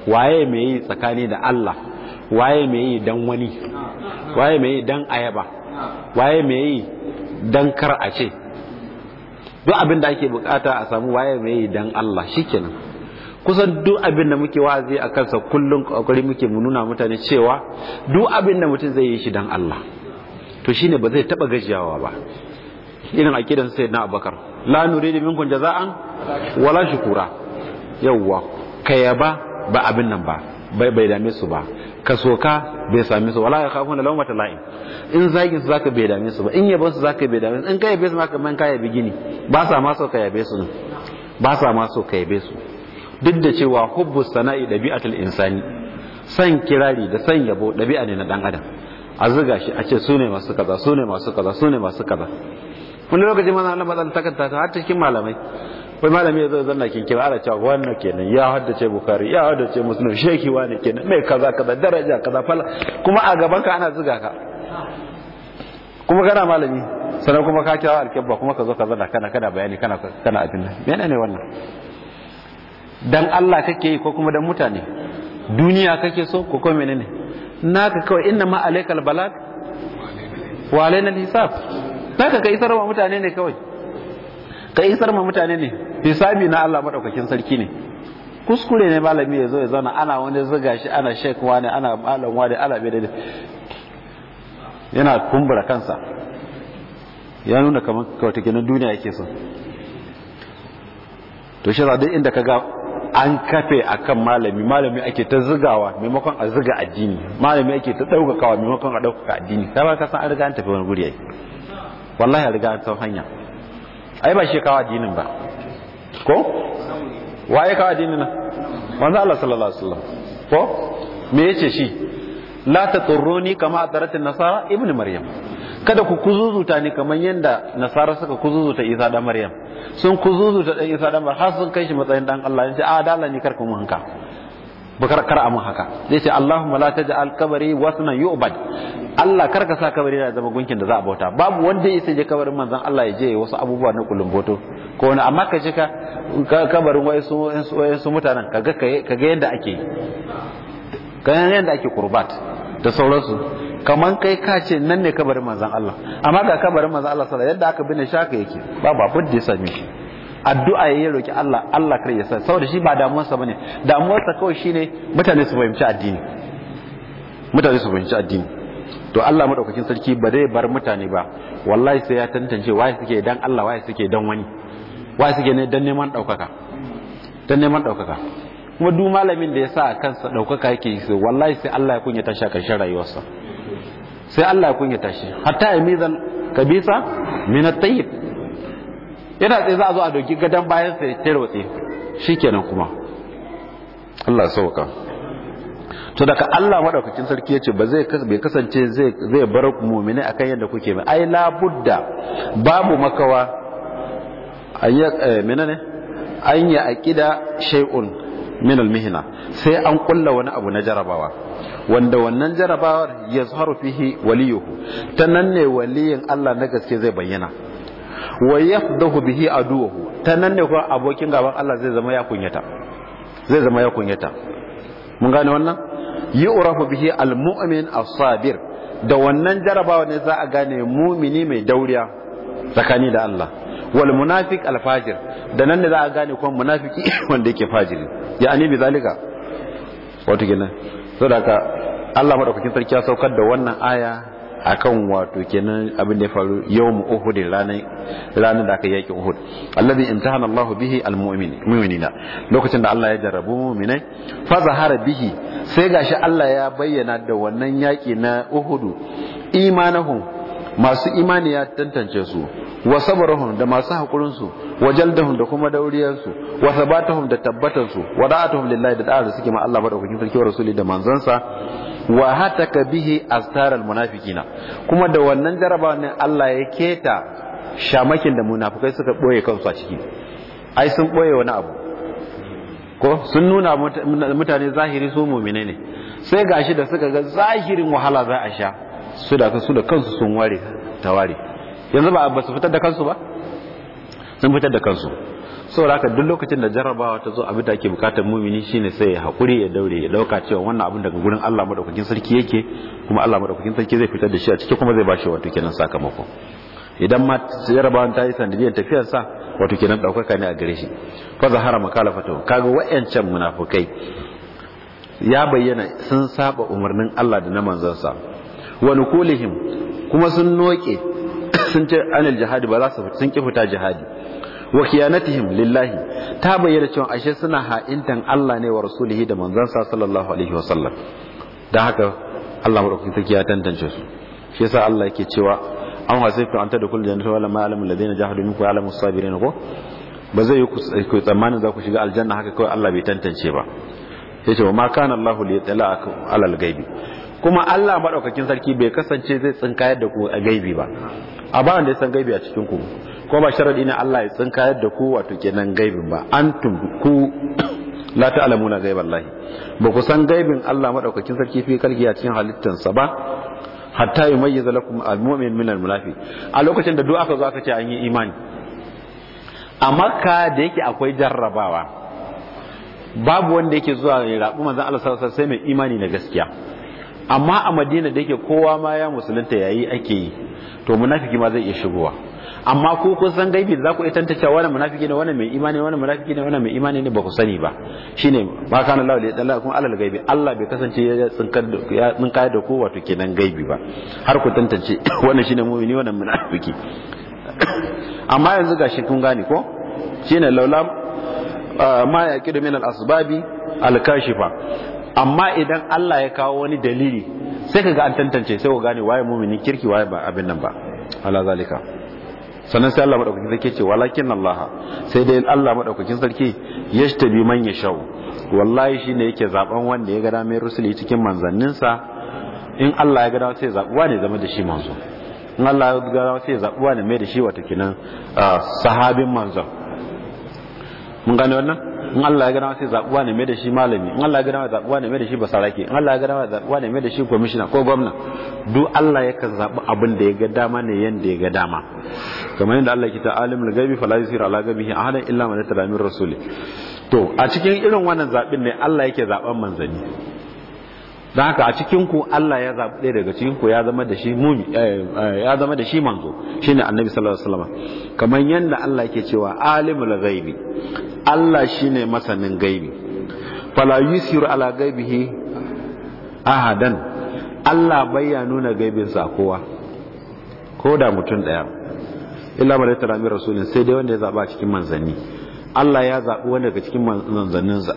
waye mai yi tsakani da Allah waye mai yi dan wani waye mai yi dan ayaba waye mai yi don kar a ce duk abin da ake bukata a samu waye mai yi dan Allah shikenan kusan duk abin da muke wazi a kansa kullum kokari muke mu nuna mutane cewa duk abin da mutum zai yi shi dan Allah to shine ba zai taba gajiyawa ba irin sai na Abakar la da minkun jaza'an wala shukura yawwa kayaba ba abin nan ba bai dame su ba ka soka bai same su wala ya kafu na lawmata la'in in zagin su zaka bai dame su ba in yabo su zaka bai dame su in ka yabe su ma kaman ka yabe gini ba sa ma so ka yabe su ba sa ma so ka yabe su duk da cewa hubbu sana'i dabi'atul insani san kirari da san yabo dabi'a ne na dan adam a zuga shi a ce su ne masu kaza su ne masu kaza su ne masu kaza wani lokacin mana Allah matsalar takanta ta har cikin malamai wai malami zai zanna kin kira ala cewa wannan kenan ya haddace bukari ya haddace muslim sheki wani kenan mai kaza kaza daraja kaza fala kuma a gaban ka ana ziga ka kuma kana malami sannan kuma ka kira alkebba kuma ka zo ka zanna kana kana bayani kana kana abin nan ne wannan dan Allah kake yi ko kuma dan mutane duniya kake so ko kuma menene naka kawai inna ma alaikal balag wa alaina hisab naka kai sarwa mutane ne kawai ka isar ma mutane ne hisabi na Allah madaukakin sarki ne kuskure ne malami ya zo ya zauna ana wani zuga shi ana shekwa wani ana malam wani ana bai yana kumbura kansa ya nuna kamar kawata ginin duniya yake so to shi duk inda ka ga an kafe akan malami malami ake ta zugawa maimakon a zuga addini malami ake ta ɗaukakawa maimakon a ɗaukaka addini ta ba ka san an riga an tafi wani guri yayi wallahi an riga an san hanya ai ba shi kawo addinin ba ko wa ya kawo addinin na? manzo Allah sallallahu alaihi wasallam ko me yace shi la taturruni kama ataratin nasara ibnu maryam kada ku kuzuzuta ni kaman yadda nasara suka kuzuzuta isa da maryam sun kuzuzuta dan isa da maryam har sun kai shi matsayin dan Allah yace a dala ni kar ku mun hanka. bakar kar amin haka zai ce Allahumma la taj'al kabari wasna yu'bad Allah kar ka sa kabari da zama gunkin da za a bauta babu wanda ya je kabarin manzon Allah ya je wasu abubuwa na kulumboto ko wani amma ka je ka kabarin wai su mutanen ka ga yanda ake ga yanda ake kurbat da sauransu kaman kai ka ce nan ne kabarin manzon Allah amma ga kabarin manzon Allah sallallahu alaihi wasallam yadda aka binne shaka yake babu abin da ya same shi addu'a ya roki Allah Allah kar ya sani, saboda shi ba damuwarsa bane damuwarsa kawai shine mutane su fahimci addini mutane su fahimci addini to Allah madaukakin sarki ba zai bar mutane ba wallahi sai ya tantance waye suke dan Allah waye suke dan wani waye suke ne dan neman daukaka dan neman daukaka kuma duk malamin da ya sa kansa daukaka yake yi wallahi sai Allah ya kunyata shi a karshen rayuwarsa sai Allah ya kunyata shi hatta ya mizan kabisa min at-tayyib yana tsaye za a zo a doki gadon bayan sa ya rotse kenan kuma Allah ya sauka to daga Allah madaukakin sarki yace ba zai bai kasance zai zai bar mu'mini akan yadda kuke ba ai la budda babu makawa ayya eh, menene an ya aqida shay'un min al-mihna sai an kulla wani abu na jarabawa wanda wannan jarabawar ya fihi waliyuhu ta nan ne waliyin Allah na gaske zai bayyana wa yafdahu bihi aduwahu ta nan ne kuma abokin gaban Allah zai zama ya kunyata zai zama ya kunyata mun gane wannan yu'rafu bihi almu'min as-sabir da wannan jarabawa ne za a gane mumini mai dauriya tsakani da Allah wal munafiq al fajir da nan ne za a gane kuma munafiki wanda yake fajiri ya ani bi zalika wato kenan saboda Allah madaukakin sarki ya saukar da wannan aya akan wato kenan abin da ya faru mu uhud ranar da aka yakin uhud alladhi imtahana Allahu bihi almu'minina lokacin da Allah ya jarrabu mu'minai fa zahara bihi sai gashi Allah ya bayyana da wannan yaki na uhud imanahum masu imani ya tantance su wa sabrahum da masu hakurin su wa jaldahum da kuma dauriyar su wa sabatahum da tabbatar su wa da'atuhum lillahi da da'a suke ma Allah madaukakin sarki wa rasuli da manzansa wa ka bihi astaral munafikina kuma da wannan jarabawa ne Allah ya keta shamakin da munafikai suka boye kansu a ciki ai sun boye wani abu ko sun nuna mutane zahiri su mumine ne sai gashi da suka ga zahirin wahala za a sha su da su da kansu sun ware ta ware yanzu ba su fitar da kansu ba sun fitar da kansu da aka duk lokacin da jarrabawa ta zo abin da ake bukatar mumini shine sai ya hakuri ya daure ya dauka cewa wannan abin daga gurin Allah madaukakin sarki yake kuma Allah madaukakin sarki zai fitar da shi a ciki kuma zai bashi wato kenan sakamako idan ma jarrabawan ta yi sanadiyar tafiyar sa wato kenan daukaka ne a gare shi fa zahara makalafatu kaga wayancan munafukai ya bayyana sun saba umarnin Allah da na manzansa wa nukulihim kuma sun noke sun ce anil jihadi ba za su sun ki fita jihadi wa khiyanatihim lillahi ta bayyana cewa ashe suna ha'intan Allah ne wa rasulihi da sa sallallahu alaihi wa sallam dan haka Allah madaukakin sarki ya tantance su shi yasa Allah yake cewa an wasaitu an tadkhul jannata wala ma'alamul ladina jahadu minkum wa alamus sabirin ko ba zai ku tsammanin za ku shiga aljanna haka kawai Allah bai tantance ba sai ce wa ma kana Allah li yatala alal gaibi kuma Allah madaukakin sarki bai kasance zai tsinka yadda ku a gaibi ba a ba da san gaibi a cikin ku ko ba sharadi ne Allah ya tsinkayar da ku wato kenan gaibin ba antum ku la ta'lamuna Allah ba ku san gaibin Allah madaukakin sarki fi kalki a cikin halittansa ba hatta yumayyiza lakum almu'min min almunafiq a lokacin da duk aka zo aka ce an yi imani a makka da yake akwai jarrabawa babu wanda yake zuwa ya rabu manzon Allah sallallahu alaihi sai mai imani na gaskiya amma a madina da yake kowa ma ya musulunta yayi ake yi to munafiki ma zai iya shigowa amma ko kun san gaibi za ku iya cewa wannan munafiki ne wannan mai imani wannan munafiki ne wannan mai imani ne ba ku sani ba shine ba kana Allah da Allah kun alal gaibi Allah bai kasance ya tsinkar ya tsinkar da ko wato kenan gaibi ba har ku tantance wannan shine mu'mini wannan munafiki amma yanzu gashi kun gane ko shine laula ah, ma yaqidu min al asbabi al kashifa amma idan Allah ya kawo wani dalili sai kaga an tantance sai ku gane waye mu'mini kirki waye ba abin nan ba ala zalika sannan sai Allah madaukakin sarki ce walakin Allah sai dai Allah madaukakin sarki bi man yasha wallahi shine yake zaben wanda ya gada mai rusuli cikin manzanninsa in Allah ya gada sai zaɓuwa ne zama da shi manzo in Allah ya gada sai zaɓuwa ne mai da shi wata kinan ah, sahabin manzo mun gane wannan in Allah ya gana sai zaɓuwa ne mai da shi malami in Allah ya gana zaɓuwa ne mai da shi basarake in Allah ya gana zaɓuwa ne mai da shi komishina ko gwamna duk Allah ya kan zaɓi abin da ya ga dama ne yanda ya ga dama kamar yadda Allah ya ta alimul gaibi fala yusir ala gabihi ahadan illa man tadamir rasuli to a cikin irin wannan zaɓin ne Allah yake zaben manzanni don haka a cikinku Allah ya zaɓi ɗaya daga cikinku ya zama da shi mumi eh, eh, ya zama da shi manzo ne annabi sallallahu alaihi wasallam kamar yadda Allah yake cewa alimul ghaibi Allah shi ne masanin gaibi fala yusiru ala gaibihi ahadan Allah bai ya nuna gaibinsa kowa ko da mutum ɗaya illa ma laita rami rasulin sai dai wanda ya zaɓa cikin manzanni Allah ya zaɓi wanda daga cikin manzanninsa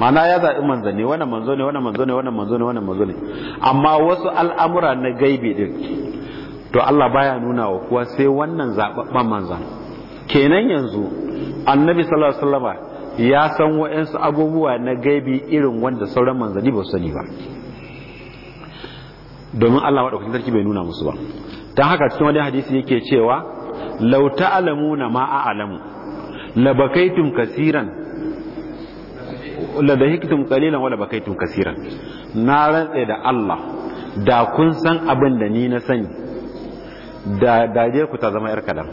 ma'ana ya zaɓi manzanni wannan manzo ne wannan manzo ne wannan manzo ne wannan manzo ne amma wasu al'amura na gaibi din to Allah baya nuna wa kuwa sai wannan zababban manzan kenan yanzu annabi sallallahu alaihi wasallama ya san wa'ansu abubuwa na gaibi irin wanda sauran manzanni ba su sani ba domin Allah madaukakin sarki bai nuna musu ba don haka cikin wani hadisi yake cewa law ta'lamuna ma a'lamu labakaitum kasiran la dahiktum qalilan wala bakaitum kaseeran na rantse da Allah da kun san abin da ni na sani da dariya ku ta zama yar kadan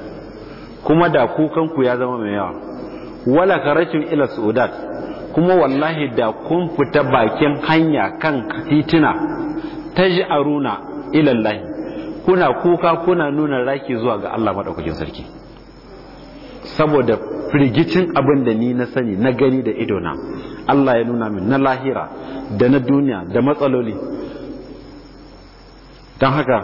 kuma da kukan ku ya zama mai yawa wala karatum ila sudat kuma wallahi da kun fita bakin hanya kan titina taj'aruna ila Allah kuna kuka kuna nuna raki zuwa ga Allah madaukakin sarki saboda firgicin abin da ni na sani na gani da idona Allah ya nuna min na lahira da na duniya da matsaloli don haka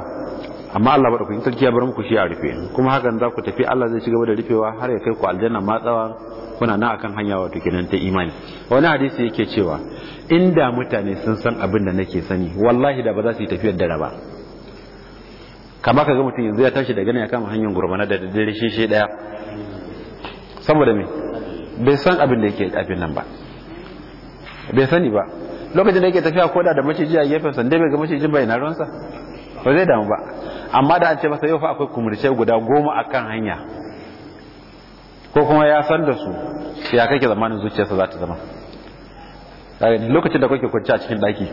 amma Allah baɗa sarki ya bar muku shi a rufe kuma hakan za ku tafi Allah zai ci gaba da rufewa har ya kai ku aljanna matsawa kuna na akan hanya wato kenan ta imani wani hadisi yake cewa inda mutane sun san abin da nake sani wallahi da ba za su yi tafiyar dare ba kama ka ga mutum yanzu ya tashi daga nan ya kama hanyar gurbana da dare shi shi daya saboda me bai san abin da yake abin nan ba bai sani ba lokacin da yake tafiya ko da maciji a gefen sanda bai ga macijin bai na ransa ba zai damu ba amma da an ce masa yau fa akwai kumurce guda goma akan hanya ko kuma ya san da su ya kake zamanin zuciyarsa za ta zama lokacin da kake kwanci a cikin daki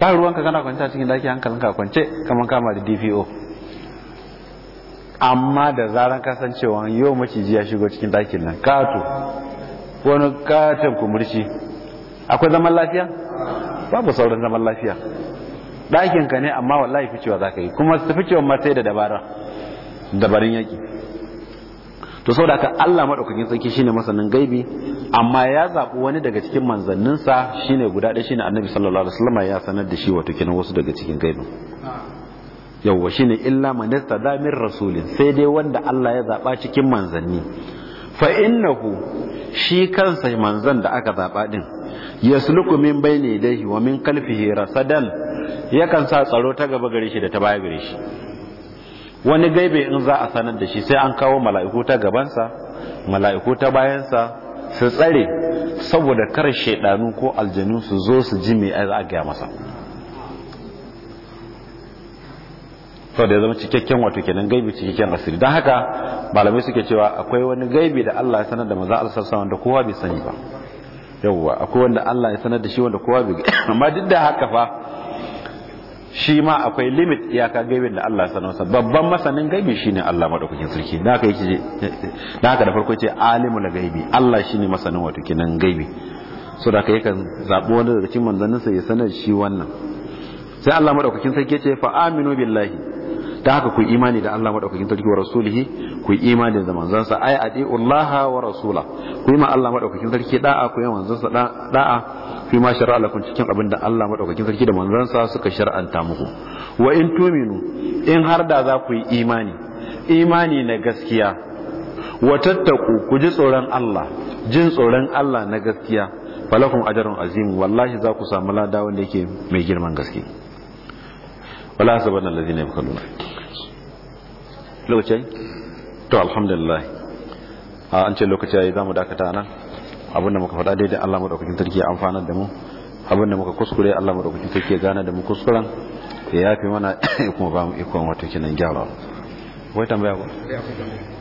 ba ruwanka kana kwanci a cikin daki ka kwance kamar kama da dpo amma da zaran kasancewa yau maciji ya shigo cikin dakin nan kato wani katon kumurci akwai zaman lafiya babu sauran zaman lafiya ɗakin ka ne amma wallahi ficewa za ka yi kuma su ficewa ma matsayi da dabara dabarun yaki to sau da aka Allah madaukakin sarki shine masanin gaibi amma ya zaɓi wani daga cikin manzanninsa shine guda ɗaya shine Annabi sallallahu alaihi wasallam ya sanar da shi wato kenan wasu daga cikin gaibin yawwa shine illa man istada min rasulin sai dai wanda Allah ya zaɓa cikin manzanni fa innahu shi kansa manzan da aka zaɓa din yasluku min bayni yadayhi wa min kalfihi rasadan yakan sa tsaro ta gaba gare shi da ta baya gare shi wani gaibe in za a sanar da shi sai an kawo mala'iku ta gabansa mala'iku ta bayansa su tsare saboda kar shaidanu ko aljanu su zo su ji me za a gaya masa to da ya zama cikakken wato kenan gaibi cikakken asiri don haka malamai suke cewa akwai wani gaibe da Allah ya sanar da manzo Allah wasallam da kowa bai sani ba yawwa akwai wanda Allah ya sanar da shi wanda kowa bai amma duk da haka fa shi ma akwai limit iyaka gaibin da Allah ya sanar babban masanin gaibi shine Allah madaukakin sarki da haka yake da haka da farko ce alimul gaibi Allah shine masanin wato kinan gaibi so da haka yakan zabo wanda daga cikin manzanninsa ya sanar shi wannan sai Allah madaukakin sarki ya ce fa aminu billahi da haka ku imani da Allah madaukakin sarki wa rasulihi ku imani da manzansa ay ullaha wa rasula ku yi ma Allah madaukakin sarki da'a ku yi manzansa da'a fi ma shar'a lakum cikin abin da Allah madaukakin sarki da manzansa suka shar'anta muku wa in tuminu in har da za ku yi imani imani na gaskiya wa tattaku ku ji tsoron Allah jin tsoron Allah na gaskiya falakum ajrun azim wallahi za ku samu lada wanda yake mai girman gaskiya ولا حسبن الذين يبخلون lokacin to alhamdulillah an ce yi za mu dakata nan abinda muka faɗa daidai Allah madaukakin turki ya amfana da mu abinda muka kuskure Allah madaukakin turki ya gane da mu kuskuren ya fi mana kuma ba mu ikon wata kinan gyara wai tambaya